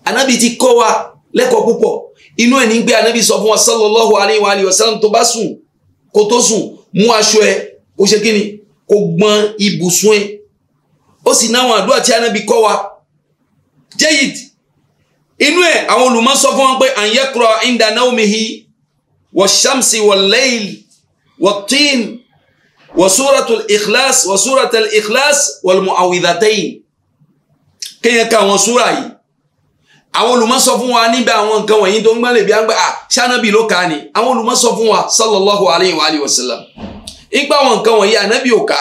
Speaker 2: anábì ti kọ́ wa lẹ́kọ̀ọ́ púpọ̀ inú ẹ̀ ní gbé anábì sọ fún wa sallallahu alayhi wa alayhi wa sallam tó bá sùn kó tó sùn mú aṣọ ẹ kó ṣe kíni kó gbọn ibùsùn ẹ ó sì náwọn àdúrà tí anábì kọ́ wa jayid inú ẹ̀ àwọn olùmọ̀ sọ fún wa pé an yaqra inda nawmihi wa shamsi wa layl wa tin wa suratul ikhlas wa suratul ikhlas wal mu'awwidhatayn kéèyàn ka àwọn súra yìí àwọn olùmọ̀ sọ fún wa níbi àwọn nǹkan wọ̀nyí tó ń gbọ́n lè bí àgbà ṣánábì ló kà á ni àwọn olùmọ̀ sọ fún wa sallallahu alayhi wa alihi wa sallam ipa àwọn nǹkan wọ̀nyí ànábì ò kà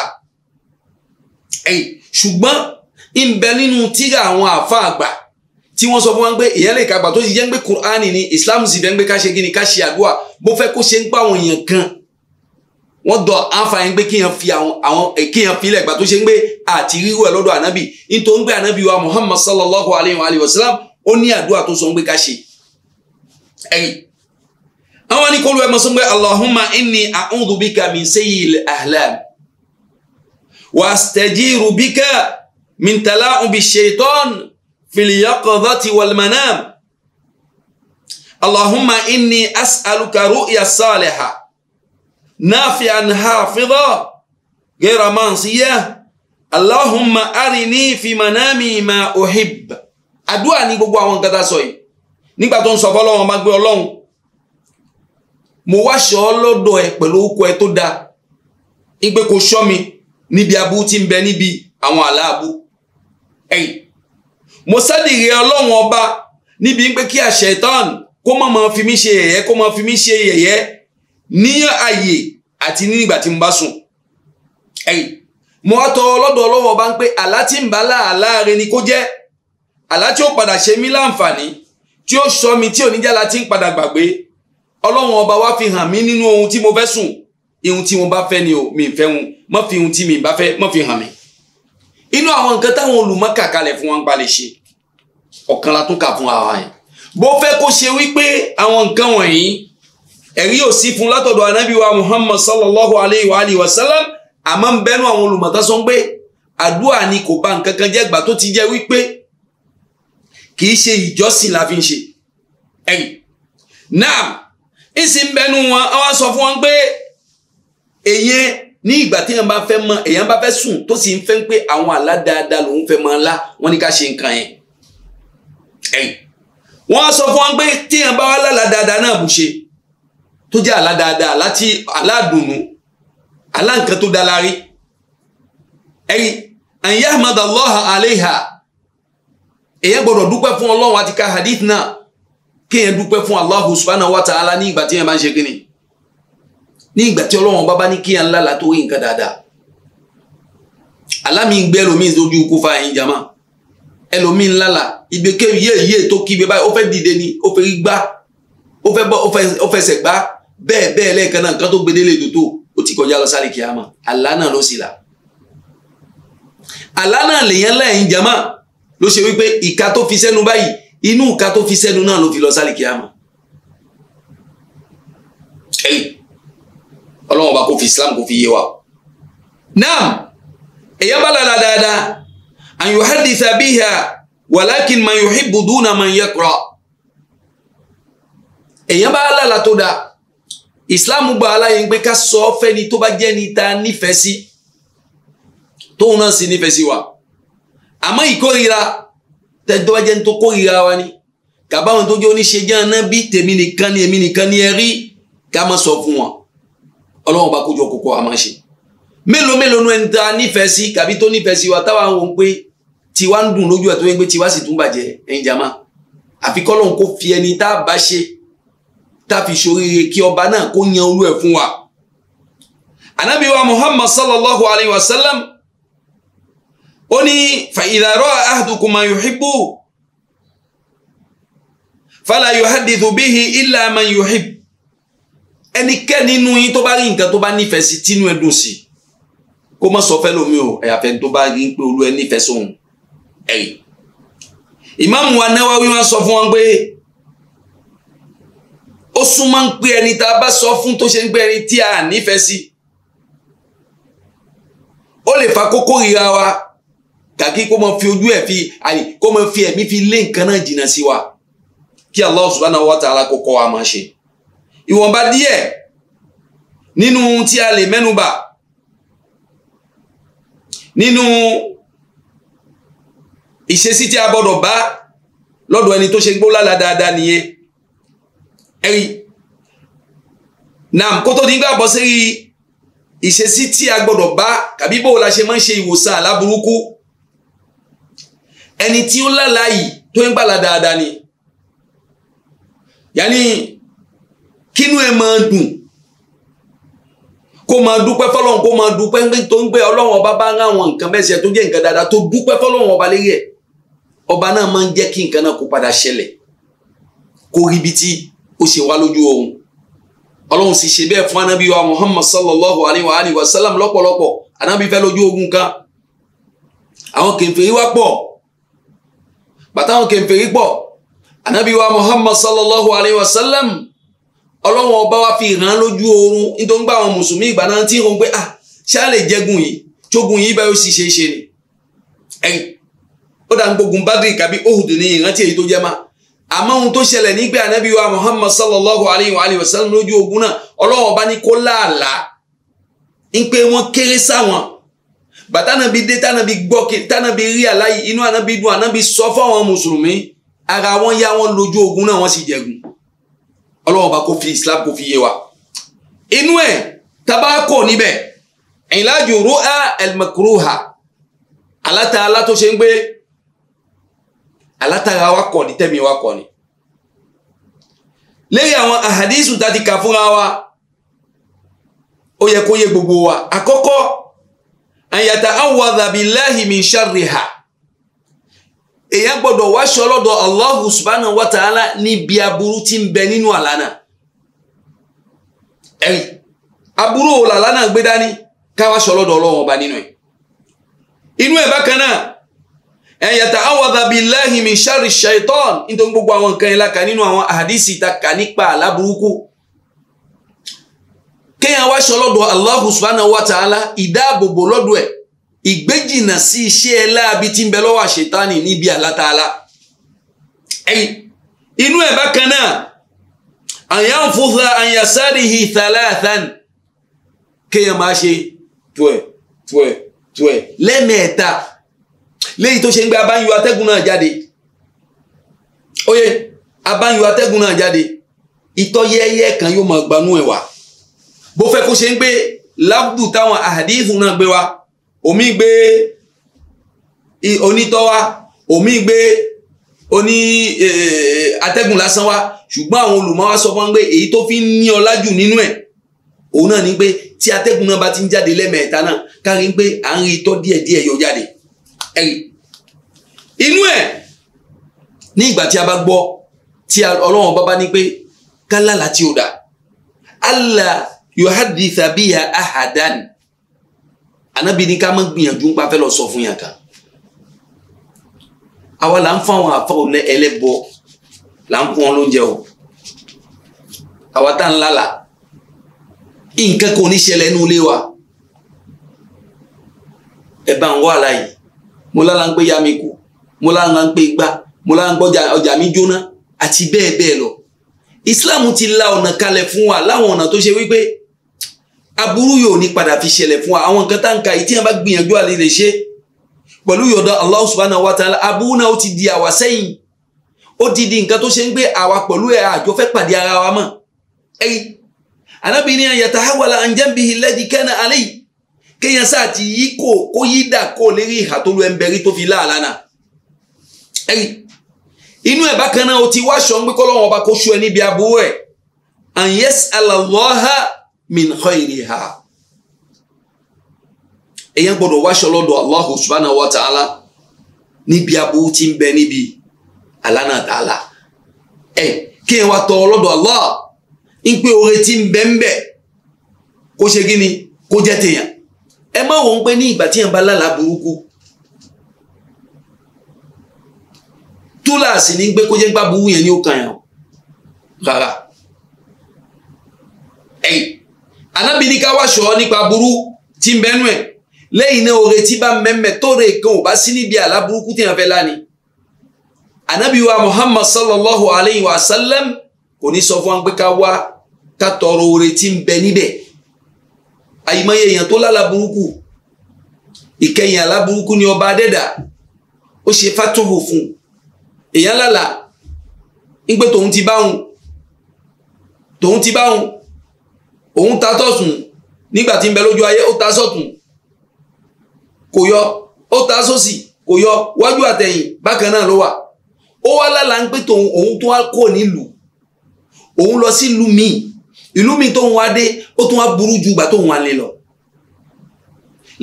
Speaker 2: ṣùgbọ́n ń bẹ nínú tíra àwọn àfa àgbà tí wọ́n sọ fún wa pé èèyàn lè kàgbà tó ti jẹ́ ń pé Qur'ani ni Islam sì fẹ́ ń pé ká ṣe kí ni ká ṣe àdúrà bó fẹ́ kó ṣe ń pa àwọn èèyàn kan wọ́n dọ̀ àǹfààní pé kíyàn fi àwọn eh, kíyàn fi ilẹ̀ ìgbà tó ṣe ń pé àti rírú ẹ̀ lọ́dọ̀ ànábì nítorí pé ànábì wa Muhammad sallallahu alayhi wa sallam ó ní àdúrà tó sọ pé ká ṣe ẹ̀yìn àwọn ní kólú ẹ mọ sọ pé allahumma inni a'udhu bika min sayyil ahlam wa astajiru bika min tala'u bi shaytan fil yaqadhati wal manam allahumma inni as'aluka ru'ya saliha نافعاً حافظاً غير منصية اللهم أرني في منامي ما أحب àdúrà ní gbogbo àwọn nǹkan tá a sọ yìí nígbà tó ń sọ fọlọ́run máa gbé ọlọ́run mo wá ṣọ́ lọ́dọ̀ ẹ pẹ̀lú orúkọ ẹ tó dáa ìgbé kò ṣọ́ mi níbi abú tí ń bẹ níbi àwọn àlàabú ẹ̀yìn mo sádìrí ọlọ́run ọba níbi pé kí àṣetán kó má máa fi mí ṣe yẹ̀yẹ́ kó máa fi mí ṣe yẹ̀yẹ́ ní àyè àti nígbà tí mo bá sùn ẹ̀yìn mo wá tọ ọlọ́dọ̀ ọlọ́wọ́ bá ń pé àlá tí ń bá láàlá ni kó jẹ́ àlá tí ó padà ṣe mí láǹfààní tí ó sọ mi tí oníjàlá ti ń padà gbàgbé ọlọ́run ọba wa fi hàn mí nínú ohun tí mo fẹ́ sùn ihun tí mo bá fẹ́ ni o mi fẹ́ hun mọ́ fi ihun tí mi bá fẹ́ mọ́ fi hàn mí inú àwọn nǹkan táwọn olùmọ̀kà kalẹ̀ fún wọn gbalẹ̀ ṣe ọ̀kan la tún kà fún àwa yẹn bó fẹ́ kó ṣe wípé àwọn nǹkan wọ̀nyí ẹ̀rí ò sí fún látọ̀dọ̀ anábì wa muhammad sallallahu alayhi wa alayhi wa sallam àmọ́ ń bẹ́nu àwọn olùmọ̀tá sọ pé àdúrà ni kò bà nǹkan kan jẹ́ gbà tó ti jẹ́ wípé kì í ṣe ìjọsìn la fi ń ṣe ẹ̀yìn náà ìsìn bẹnu wọn a wá sọ fún wọn pé èyàn ní ìgbà téèyàn bá fẹ́ mọ èyàn bá fẹ́ sùn tó sì ń fẹ́ pé àwọn àlá dáadáa lòún fẹ́ mọ ńlá wọn ní ká ṣe nǹkan yẹn ẹ̀yìn wọn a sọ fún wọn pé téèyàn bá wà lálàá dáadáa náà bù ṣe tó jẹ́ àlá dáadáa láti aládùnnú alá nǹkan tó dá lárí ẹ̀yìn àyàmàdàlọ́hà àléhà èyàn gbọ́dọ̀ dúpẹ́ fún Ọlọ́run àti ka hadith náà kéèyàn dúpẹ́ fún Allahu subhanahu wa ta'ala ní ìgbà tí yẹn bá ń ṣe kíni ní ìgbà tí Ọlọ́run bá bá ní kéèyàn lálàá tó rí nǹkan dáadáa alámi ń gbé ẹlòmíín sójú kú fa ẹ̀yìn jama ẹlòmíín lálàá ìgbéké yé yé tó kígbe báyìí ó fẹ́ dìde ni ó fẹ́ rí gbá ó fẹ́ bọ́ ó fẹsẹ̀ gbá bẹ́ẹ̀ bẹ́ẹ̀ lẹ́ẹ̀kan náà nǹkan tó gbedele dòdò ó ti kọjá lọ sálẹ̀ kíámà àlá náà ló sì là àlá náà lèyàn lẹ́yìn jama ló ṣe wípé ìka tó fi sẹ́nu báyìí inú ìka tó fi sẹ́nu náà ló fi lọ sálì kíámà ẹ̀yìn ọlọ́run ọba kò fi islam kò fi yé wa náà ẹ̀yà bá lára dáadáa an yuhaddisa biha walakin man yuhibbu duna man yakra ẹ̀yà bá lára tó dáa islam gba aláyé ń ká sọ ọ́ fẹ́ni tó bá jẹ́ ni ta nífẹ̀ẹ́ sí tóun náà sì nífẹ̀ẹ́ sí wa àmọ́ ìkórira tẹ́tọ́ bá jẹ́ ní tó kórira wa ni kàbáwọn tó jẹ́ oníṣe jẹ́ ẹ̀ná bí tèmi nìkan ni èmi nìkan ni ẹ rí ká má sọ fún wọn ọlọ́run bá kójú ọkọ̀ kọ́ wa máa ṣe mélòó mélòó nu ẹni tá a nífẹ̀ẹ́ sí kàbí tó nífẹ̀ẹ́ sí wa táwa ń wò pé tiwa ń dùn lójú ẹ̀ tó yẹ pé tiwa sì tún bàjẹ́ ẹ̀yin jàmá àfi kọ́lọ́run kó fi ẹni tá a bá ṣe tá a fi ṣoríire kí ọba náà kó yan olú ẹ̀ fún wa. ànábì muhammad sallallahu alayhi wa sallam ó ní fàìdàrọ́ ahadukum man yuhibbu fala yuhadithu bihi illa man yuhibb ẹnikẹ́ni nínú yín tó bá rí nǹkan tó bá nífẹ̀ẹ́ sí tínú ẹ dùn sí kó má sọ fẹ́ lómi o ẹ̀yàfẹ́ tó bá rí pé olú ẹ nífẹ̀ẹ́ sóhun ẹ̀rì ìmáàmù wa Nawawi wọ́n sọ fún wọn pé ó súnmọ́ ń pé ẹni tá a bá sọ fún tó ṣe ń pé ẹni tí a nífẹ̀ẹ́ sí ó lè fa kókó ríra wa kàkí kó máa fi ojú ẹ̀ fi àyè kó máa fi ẹ̀mí fi lé nǹkan náà jìnnà sí wa kí Allah subhanahu wa ta'ala kó kọ́ wa máa ṣe ìwọ̀nba díẹ̀ nínú tí a lè mẹ́nubà nínú ìṣesí tí a gbọ́dọ̀ bá lọ́dọ̀ ẹni tó ṣe gbó lálá dáadáa nìyẹn ẹ̀rí nam kó tó ní gbàgbọ́ sí ìṣesí tí a gbọ́dọ̀ bá kàbí bó la ṣe máa ń ṣe ìwòsàn àlá burúkú ẹni tí ó lálàá yìí tó ń gbàlà dáadáa ni yàní kínú ẹ máa dùn kó máa dúpẹ́ fọlọ́run kó máa dúpẹ́ tó ń gbé ọlọ́run ọba bá ráwọn nǹkan mẹ́sẹ̀ tó jẹ́ nǹkan dáadáa tó dúpẹ́ fọlọ́run ọba lérí ẹ̀ ọba náà máa ń jẹ́ kí nǹkan náà kó padà ṣẹlẹ̀ kó rí ibi tí ó ṣe wá lójú oorun ọlọ́run sì ṣe bẹ́ẹ̀ fún anábì wa muhammad sallallahu alayhi wa alayhi wa sallam lọ́pọ̀lọpọ̀ anábì fẹ́ lójú ogun kan àwọn kèfèrí wá pọ̀ bàtàwọn kèfèrí pọ̀ ànábì wa muhammad sallallahu alayhi wa sallam ọlọ́wọ́n ọba wa fi ìran lójú oorun nítorí gbà àwọn mùsùlùmí ìgbà náà tí ìrún pé à ah, ṣáà lè jẹgùn yìí jogun yìí báyìí ó sì ṣe é ṣe ni ẹ̀yìn ó dà ń gbógun badri kàbí ohudu ní ìrántí èyí tó jẹ́ máa àmọ́ ohun tó ṣẹlẹ̀ nígbà ànábì wa muhammad sallallahu alayhi wa alayhi wa sallam lójú ogun náà ọlọ́wọ́n ọba ní kó láàlá ń pé wọ́n kéré sáwọn bàtà nàbí dé tànàbí gbọ́ tànàbí rí àlàyé inú ànàbí dùn ànàbí sọ fáwọn mùsùlùmí ara wọn yá wọn lójú ogun náà wọn sì jẹgùn ọlọ́wọ́n bá kó fi islam kó fi yé wa inú ẹ̀ tabako níbẹ̀ ìlàjò ru'a al-makruha aláta alátó ṣe ń gbé alátara wa kọ̀ ní tẹ̀mí wa kọ̀ ní lérí àwọn ahadisu tá ti kà fúnra wa ó yẹ kó yé gbogbo wa àkọ́kọ́ an yata'awadha billahi min sharriha èèyàn gbọ́dọ̀ wáṣọ lọ́dọ̀ Allahu subhanahu wa ta'ala níbi aburú tí ń bẹ nínú àlànà ẹ̀yìn aburú wo làlànà gbé dání ká wáṣọ lọ́dọ̀ Ọlọ́run ọba nínú ẹ̀ inú ẹ̀ bákan náà an yata'awadha billahi min sharri shaitan nítorí gbogbo àwọn nǹkan yẹn la kà nínú àwọn àdìsí ta kà nípa àlá kéèyàn wá ṣe ọlọ́dọ̀ Allahu subhanahu wa ta'ala ìdáàbòbò lọ́dọ̀ ẹ̀ ìgbéjìnà sí iṣẹ́ ẹ láabi tí ń bẹ lọ́wọ́ àṣetánì níbi àlátàlá ẹ̀yìn inú ẹ̀ bákan náà àyànfúnfà àyàsárihi thalathan kéèyàn máa ṣe twelve twelve twelve lẹ́mẹ̀ẹ́ta léyìí tó ṣe ń gbé abáyọ atẹ́gùn náà jáde ó abáyọ atẹ́gùn náà jáde ìtọ́yẹ́yẹ́ kan yóò máa gbanú ẹ̀ wá bó fẹ́ kó ṣe ń gbé lábùdù táwọn àdìsùn náà gbé wa omi gbé onítọ́ wa omi gbé oní e, atẹ́gùn lásán wa ṣùgbọ́n àwọn olùmọ̀ wa sọ fún wa pé èyí tó fi ń ní ọlá jù nínú ẹ̀ òun náà ni pé tí atẹ́gùn náà bá ti ń jáde lẹ́mẹ̀ẹ́ta náà kárí pé à ń rí itọ́ díẹ̀díẹ̀ yọ jáde ẹ̀rí inú ẹ̀ ní ìgbà tí a bá gbọ́ tí ọlọ́run bá bá ní pé kálá láti ò dà Allah yuhaditha biha ahadan anabi ní ká má gbìyànjú ń pa fẹ́ lọ sọ fún yàn kan àwa là ń fún àwọn àfáwọn ẹlẹ́bọ là ń fún wọn lóúnjẹ o àwa tá ń lálà nǹkan kò ní ṣẹlẹ̀ nínú ilé wa ẹ bá ń wá àlàyé mo lára ń pé ya mi kú mo lára ń pé gbá mo lára ń gbọ́ ọjà mi jóná àti bẹ́ẹ̀ bẹ́ẹ̀ lọ Islam ti la ọ̀nà kalẹ̀ fún wa láwọn ọ̀nà tó ṣe wípé aburú yóò ní padà fi ṣẹlẹ̀ fún wa àwọn nǹkan tá ń ka yìí tí wọ́n bá gbìyànjú àlè lè ṣe pẹ̀lú yọ̀dọ̀ Allah subhanahu wa ta'ala aburú náà ó ti di àwa sẹ́yìn ó ti di nǹkan tó ṣe ń gbé àwa pẹ̀lú ẹ̀ àjọ fẹ́ pàdé ara wa mọ̀ ẹ̀yí anábì ní yatahawala an jambihi alladhi kana alayhi kéèyàn sáà ti yí kò kó yí dà kó lérí ìhà tó lu ẹnbẹ̀rí tó fi láàlánà ẹ̀yí min khayriha èyàn gbọ́dọ̀ wáṣọ lọ́dọ̀ Allah subhanahu wa ta'ala níbi aburú tí ń bẹ níbi àlànà tààlà ẹ kí ẹ wá tọ lọ́dọ̀ Allah ń pé oore tí ń bẹ ń bẹ kó ṣe kí ni kó jẹ́ tèèyàn ẹ má wọ́n pé ní ìgbà tí èèyàn bá lálàá burúkú túláàsì ní gbé kó jẹ́ gbàbúrú yẹn ní ó kàn yàn rárá ẹ̀yìn anábì ní ká wá ṣọ́ nípa burú tí ń bẹ́nu ẹ̀ lẹ́yìn náà oore tí bá mẹ́mẹ́ tó rè kan ò bá sí níbi àlá tí wọ́n fẹ́ lánìí anábì wa muhammad sallallahu alayhi wa sallam kò ní sọ fún wa pé ká wá ká tọrọ oore tí ń bẹ níbẹ̀ àyìmọye èèyàn tó lálà burúkú ìkẹyìn àlá ni ọba adẹ́dà ó ṣe fátòhò fún èèyàn lálà ń pé tòun ti báhùn tòun ti báhùn òun ta tọ̀sùn nígbà tí ń bẹ lójú ayé ó ta sọ́tùn kò yọ ó ta sósì kò yọ wájú àtẹ̀yìn bákan náà ló wà ó wá lálà ń pé tòun òun tó wá kó nílùú òun lọ sí ìlú míì ìlú míì tóun wá dé ó tún wá burú ju ìgbà tóun wá lé lọ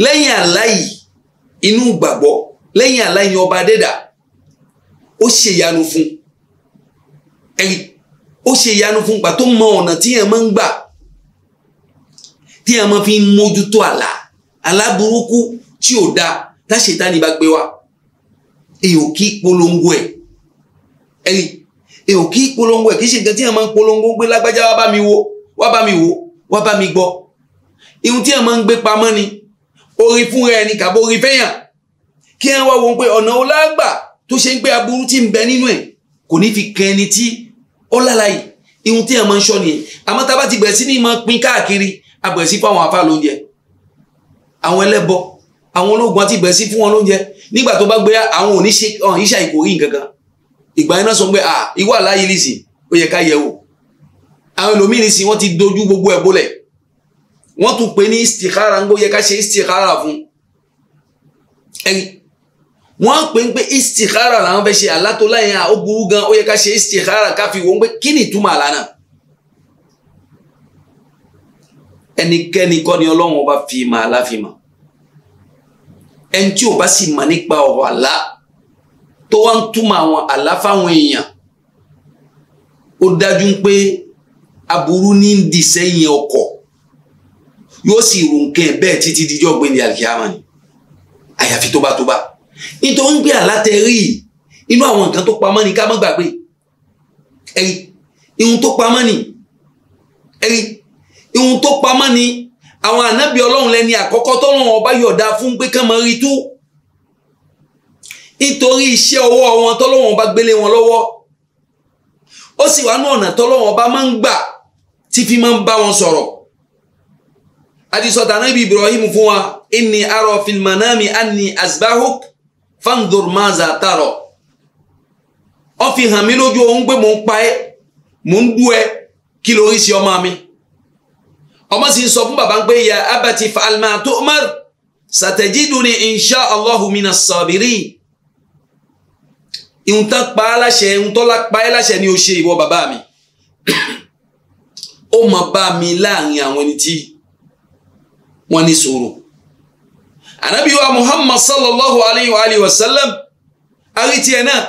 Speaker 2: lẹ́yìn àláyì inú gbàgbọ́ lẹ́yìn àláyì ọba adẹ́dà ó ṣe ìyanu fún ó ṣe ìyanu fún gbà tó mọ ọ̀nà tí yẹn máa ń gbà tí a máa fi ń mójútó àlá àlá burúkú tí ò dáa táṣetánì bá gbé wa èyàn kí polongo ẹ̀ ẹ̀rí èyàn kí polongo ẹ̀ kì í ṣe nǹkan tí a máa ń polongo gbé lágbájá wá bá mi wo wá bá mi wo wá bá mi gbọ́ ihun tí a máa ń gbé pamọ́ ni orí fúnra ẹni kàbó orí fẹ́yàn kí wọ́n wá wo pé ọ̀nà ọlágbà tó ṣe ń gbé aburú tí ń bẹ nínú ẹ̀ kò ní fi kan ẹni tí ó lálàyé ihun tí a máa ń sọ nìyẹn àmọ́ tá a bá ti bẹ̀rẹ̀ sí ní máa pín káàkiri abẹ̀sí fáwọn afá lóúnjẹ àwọn ẹlẹ́bọ àwọn ológun àti ìbẹ̀sí fún wọn lóúnjẹ nígbà tó bá gbé àwọn oníṣe ọ̀hún iṣẹ́ ìkórìí nǹkankan ìgbà yẹn sọ pé ah ìwà láyé nìsín ó yẹ ká yẹ wò àwọn ẹlòmíín nìsín wọ́n ti dojú gbogbo ẹ̀ bólẹ̀ wọ́n tún pè ní istikhara ń gbó yẹ ká ṣe istikhara fún ẹ̀rí wọ́n pè ń pé istikhara làwọn fẹ́ ṣe àlátó láyé hàn ó burú gan ó yẹ ká ṣe istikhara ká fi pé kí ni ìtumọ̀ àlá ẹnikẹ́ni kọ́ ni ọlọ́run ọba fi mà aláfimà ẹni tí ò bá sì mà nípa ọ̀rọ̀ àlá tó wá ń túmọ̀ àwọn àlá fáwọn èèyàn ó dájú pé aburú ní ń di sẹ́yìn ọkọ̀ yóò sì rò nǹkan ẹ̀ bẹ́ẹ̀ títí dijọ́ gbẹ̀ndẹ̀ àlìkíyàmá ni àyàfi tó bá tó bá nítorí pé àlá inú àwọn nǹkan tó pamọ́ ni ká má gbàgbé ẹ̀rí ihun tó pamọ́ ni ẹ̀rí ihun tó pamọ́ ni àwọn ànábì ọlọ́run lẹni àkọ́kọ́ tọ́lọ́run ọba yọ̀dá fún pé kán máa rí tú nítorí iṣẹ́ ọwọ́ wọn tọ́lọ́run ọba gbélé wọn lọ́wọ́ ó sì wá ní ọ̀nà tọ́lọ́run ọba máa ń gbà tí fi máa ń bá wọn sọ̀rọ̀ àdìsọ̀tà ànábì Ibrahim fún wa inni arọ filimanami anni asbahuk fandur maza tarọ ó fi hàn mí lójú ohun pé mò ń pa ẹ́ mò ń dú ẹ kí lórí ọmọ mi ọmọ sì ń sọ fún bàbá ń pé ya abati falma tó umar satajiduni insha allahu mina sabiri ìhun tán pa á láṣẹ ìhun tó pa á láṣẹ ni ó ṣe ìwọ bàbá mi ó mọ bá mi láàrin àwọn ẹni tí wọn ní sùúrù anabi wa muhammad sallallahu alayhi wa alayhi wa sallam aritiẹ náà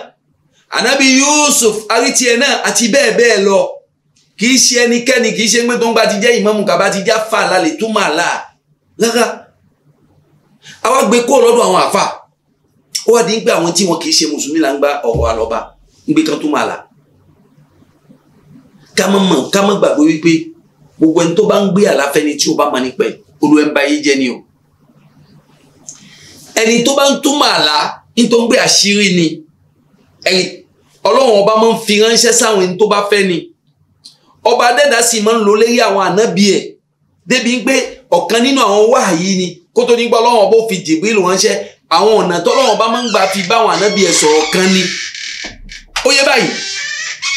Speaker 2: anabi yusuf aritiẹ náà àti bẹ́ẹ̀ bẹ́ẹ̀ lọ kì í ṣe ẹnikẹ́ni kì í ṣe pé tó ń bá ti jẹ́ ìmámù kàbá ti já fà lálẹ́ tó máa là rárá àwa gbé kó lọ́dọ̀ àwọn àfà ó wà ní pé àwọn tí wọn kì í ṣe mùsùlùmí là ń gba ọ̀rọ̀ àlọ́ba ń gbé kan tó máa là ká mọ̀ mọ̀ ká mọ̀ gbàgbé wípé gbogbo ẹni tó bá ń gbé àlàfẹ́ni tí o bá máa nípa ẹ̀ olúwẹ̀ ń ba yé jẹ́ ni o ẹni tó bá ń tó máa là ń tó ń gbé àṣírí ni ẹni ọlọ́run ọba máa ń fi ránṣẹ́ sáwọn ẹni tó bá fẹ́ ni ọba adẹ́dá sì máa ń lo léyà àwọn ànábì ẹ̀ débi pé ọ̀kan nínú àwọn wáàyí ni kó tó nígbà ọlọ́wọ́n bó fi jìbìlù ránṣẹ́ àwọn ọ̀nà tọ́lọ́wọ́n bá máa ń gbà fi báwọn ànábì ẹ̀ sọ̀rọ̀ kan ni ó yẹ báyìí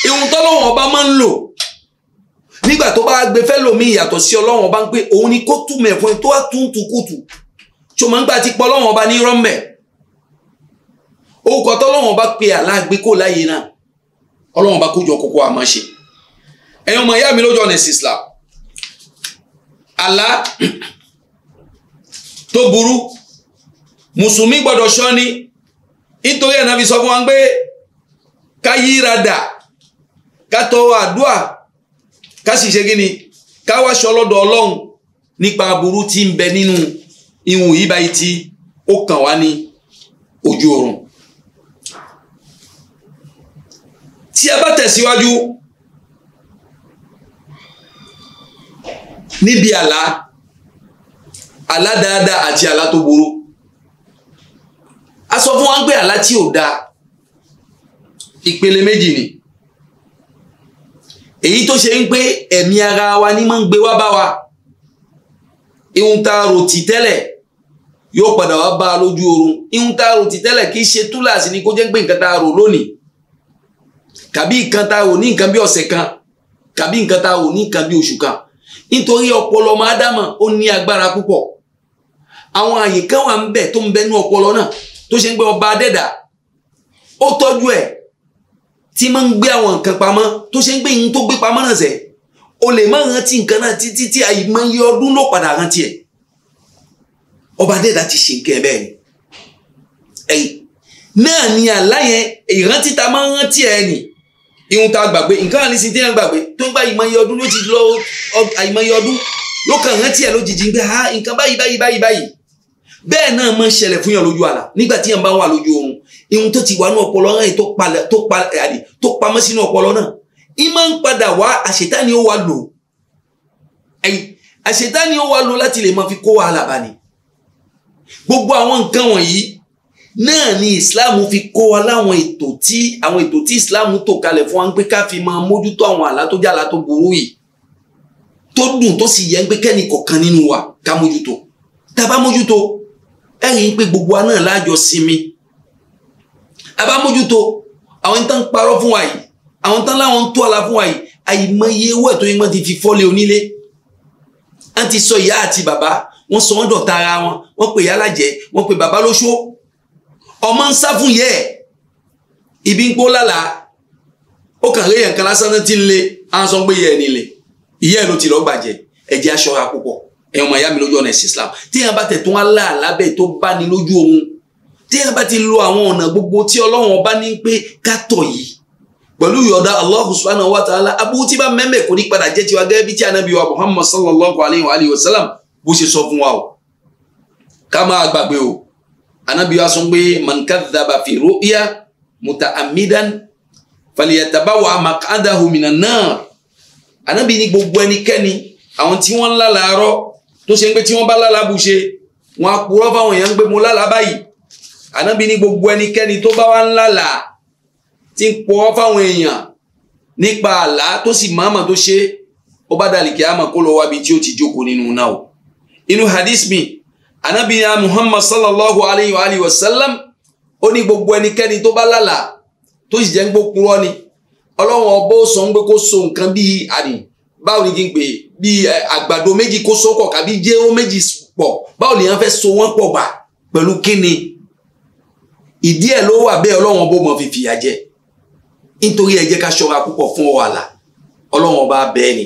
Speaker 2: ìhun tọ́lọ́wọ́n ọba máa ń lò nígbà tó bá gbé fẹ́ lómi ìyàtọ̀ sí ọlọ́wọ́n ọba ń pé òun ni kó tún mẹ̀fọ́ tó wá tún tukùtù tó máa ń gbà ti pọ̀ ọlọ́wọ́n ọba ní rọ́mẹ̀ orúkọ tọ́lọ́wọ́n ọba pe àlá àgbékò láyé náà ọlọ́wọ́n ọba kójọ kókó àmọ́ ṣe ẹ̀yin ọmọ ìyá mi lójú ọ̀nà ẹ̀sìn Islam àlá tó burú mùsùlùmí gbọ́dọ̀ ṣọ́ni nítorí ẹ̀ náà fi sọ fún wa pé ká yíra dà ká tọrọ àdúà ká sì ṣe kíni ká wá ṣọ lọ́dọ̀ Ọlọ́run nípa aburú tí ń bẹ nínú ihun yìí báyìí tí ó kàn wá ní ojú oorun tí a bá tẹ̀síwájú. Si níbi àlá àlá dáadáa àti àlá tó burú a sọ fún wa pé àlá tí ò dáa ìpele méjì ni èyí tó ṣe ń pé ẹ̀mí ara wa ní máa ń gbé wá bá wa ihun tá a rò tì tẹ́lẹ̀ yóò padà wá bá a lójú oorun ihun tá a rò tẹ́lẹ̀ kì í ṣe túláàsì ni kó jẹ́ pé nǹkan tá a lónìí kàbí nǹkan tá a ní nǹkan bí ọ̀sẹ̀ kan kàbí nǹkan tá a ní nǹkan bí oṣù kan nítorí ọpọlọ ọmọ ádámà ó ní agbára púpọ̀ àwọn àyè kan wà ń bẹ tó ń bẹnu ọpọlọ náà tó ṣe ń gbé ọba adẹ́dà ó tọ́jú ẹ̀ tí máa ń gbé àwọn nǹkan pamọ́ tó ṣe ń gbé ihun tó gbé pamọ́ náà sẹ̀ o lè má rántí nǹkan náà títí tí àìmọye ọdún ló padà rántí ẹ̀ ọba adẹ́dà ti ṣe nǹkan ẹ̀ bẹ́ẹ̀ ni náà ni àlá yẹn ìrántí ta máa ń rántí ẹ̀ nìí ihun tá a gbàgbé nǹkan àní sí téèyàn gbàgbé tó ń gba ìmọye ọdún ló ti lọ àìmọye ọdún ló kàn rántí ẹ lójijì gbé ha ah, nǹkan báyìí báyìí báyìí báyìí bẹ́ẹ̀ náà máa ń ṣẹlẹ̀ fún yàn lójú àlá nígbà tí yàn bá wà lójú oorun ihun tó ti wà ní ọpọlọ náà tó palẹ̀ tó palẹ̀ àdì tó pamọ́ sínú ọpọlọ náà ìmọ̀ ń padà wá àṣetáni ó wà lò àṣetáni ó wà lò láti lè máa fi kó wàhálà bá gbogbo àwọn nǹkan wọ̀nyí náà ni islam fi kó wa láwọn ètò tí àwọn ètò tí islam tò kalẹ̀ fún wa ń pé ká fi máa mójútó àwọn àlá tó jàlá tó burú yìí tó dùn tó sì yẹ ń pé kẹ́nì kọ̀ọ̀kan nínú wa ká mójútó tá a bá mójútó ẹ rí i pé gbogbo wa náà láàjọ sinmi a bá mójútó àwọn ìtàn parọ́ fún wa yìí àwọn ìtàn láwọn ń tó àlá fún wa yìí àìmọye owó ẹ̀ tó yẹ mọ́ ti fi fọ́lé onílé a ti sọ ìyá àti bàbá wọ́n sọ wọ́n dọ̀tá ara wọn wọ́n pè ìyá alájẹ wọ́n pè bàbá lóṣó ọmọ ń sá fún yẹ ibi ń pó lálà ó kàn rí ẹ̀ǹkan lásán náà ń le aṣọ ń gbé yẹ ẹni lè ìyá ẹ̀ ló ti lọ gbàjẹ́ ẹ̀jẹ̀ aṣọra púpọ̀ ẹ̀yàn ọmọ ìyá mi lójú ọ̀nà ẹ̀sìn Islam tí èèyàn bá tẹ̀tún aláàlá bẹ́ẹ̀ tó bá ní lójú ohun tí èèyàn bá ti lo àwọn ọ̀nà gbogbo tí Ọlọ́run ọba ní pé kátọ̀ yìí pẹ̀lú ìyọ̀dá Allah subhanahu wa ta'ala aburú tí bá mẹ́mẹ́ kò ní padà jẹ́ tiwa gẹ́gẹ́ bí tí anabi wa Muhammad sallallahu alayhi wa sallam bó ṣe sọ fún wa o ká máa gbàgbé o anabi wa sọ pé man kadhaba fi ru'ya muta'ammidan falyatabawa maq'adahu minan nar anabi ní gbogbo ẹnikẹ́ni àwọn tí wọ́n ń lálàárọ̀ tó ṣe ń pé tí wọ́n bá lálàbù ṣe wọ́n á purọ́ fáwọn èèyàn ń pé mo lálàá báyìí anabi ní gbogbo ẹnikẹ́ni tó bá wà ń lálàá tí ń purọ́ fáwọn èèyàn nípa àlá tó sì máàmà tó ṣe ó bá dàlí kíyámà kó lọ wábi tí ó ti jókòó nínú náà inú hadith mi anabiya muhammad sallallahu alayhi wa alayhi wa sallam ó ní gbogbo ẹnikẹ́ni tó bá lálà tó sì jẹ́ ń gbó purọ́ ni ọlọ́run ọba ó sọ ń gbé kó so nǹkan bíi àní báwo ni kí n pè bíi àgbàdo méjì kó so pọ̀ kàbí jéró méjì pọ̀ báwo ni wọ́n fẹ́ so wọ́n pọ̀ gbà pẹ̀lú kíni ìdí ẹ̀ ló wà bẹ́ẹ̀ ọlọ́run ọba mọ fìfì yà nítorí ẹ jẹ́ ká ṣọ́ra púpọ̀ fún ọ̀rọ̀ àlà ọlọ́run ọba bẹ́ẹ̀ ni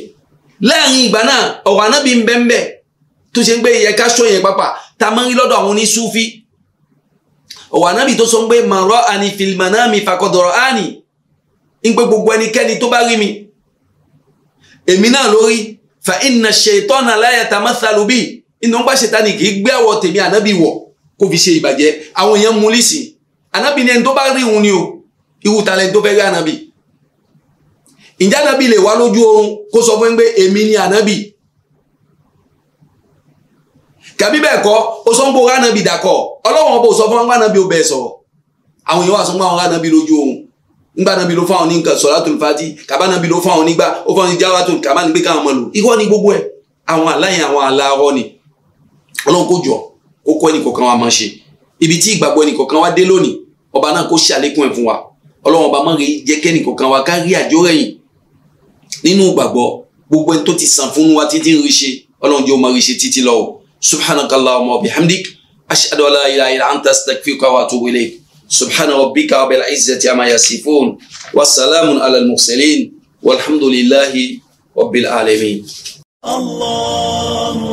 Speaker 2: láàrin ìgbà náà ọ̀rọ̀ ànábì ń bẹ́ńbẹ́ tó ṣe ń gbé yẹ ká ṣọ́ tá a máa ń rí lọ́dọ̀ àwọn oníṣúfí ọ̀wà nábì tó sọ pé màrọ́ àní fìlìmọ̀nà mi fàkọ̀dọ̀rọ̀ àní ń pé gbogbo ẹnikẹ́ni tó bá rí mi èmi náà ló rí fa inna ṣètọ́nà láyà tamathalu bí inú pa ṣètánì kì í gbé àwọ̀ tèmi ànábì wọ̀ kó fi ṣe ìbàjẹ́ àwọn èèyàn mú lísìn ànábì ni ẹni tó bá rí òun ni o irú talẹ̀ tó fẹ́ rí ànábì ǹjẹ́ ànábì lè wá lójú oorun kó sọ fún mi pé èmi ni ànábì kàbí bẹ́ẹ̀ kọ́ o sọ ń bó ránàbì dàkọ̀ ọlọ́wọ́n bó sọ fún ránàbì ó bẹ̀ sọ̀rọ̀ àwọn èèyàn wà sọ fún ránàbì lójú ohun ngba nàbì ló fáwọn ní nǹkan sọ̀rọ̀ fati kàbá nàbì ló fáwọn nígbà ó fáwọn ní jáwá tó kàbá nígbè káwọn mọ̀ lò irọ́ ni gbogbo ẹ̀ àwọn aláyìn àwọn aláwọ̀ ni ọlọ́run kò jọ kó kọ́ ẹnì kọ̀ọ̀kan wa máa ṣe ibi tí ìgbàgbọ́ ẹnì kọ̀ọ̀kan wa dé lónìí ọba náà kó ṣàlékún ẹ̀ fún wa ọlọ́run ọba rí jẹ́ títí ń rí سبحانك اللهم وبحمدك أشهد أن لا إله إلا أنت أستغفرك وأتوب إليك سبحان ربك رب العزة عما يصفون والسلام على المرسلين والحمد لله رب العالمين الله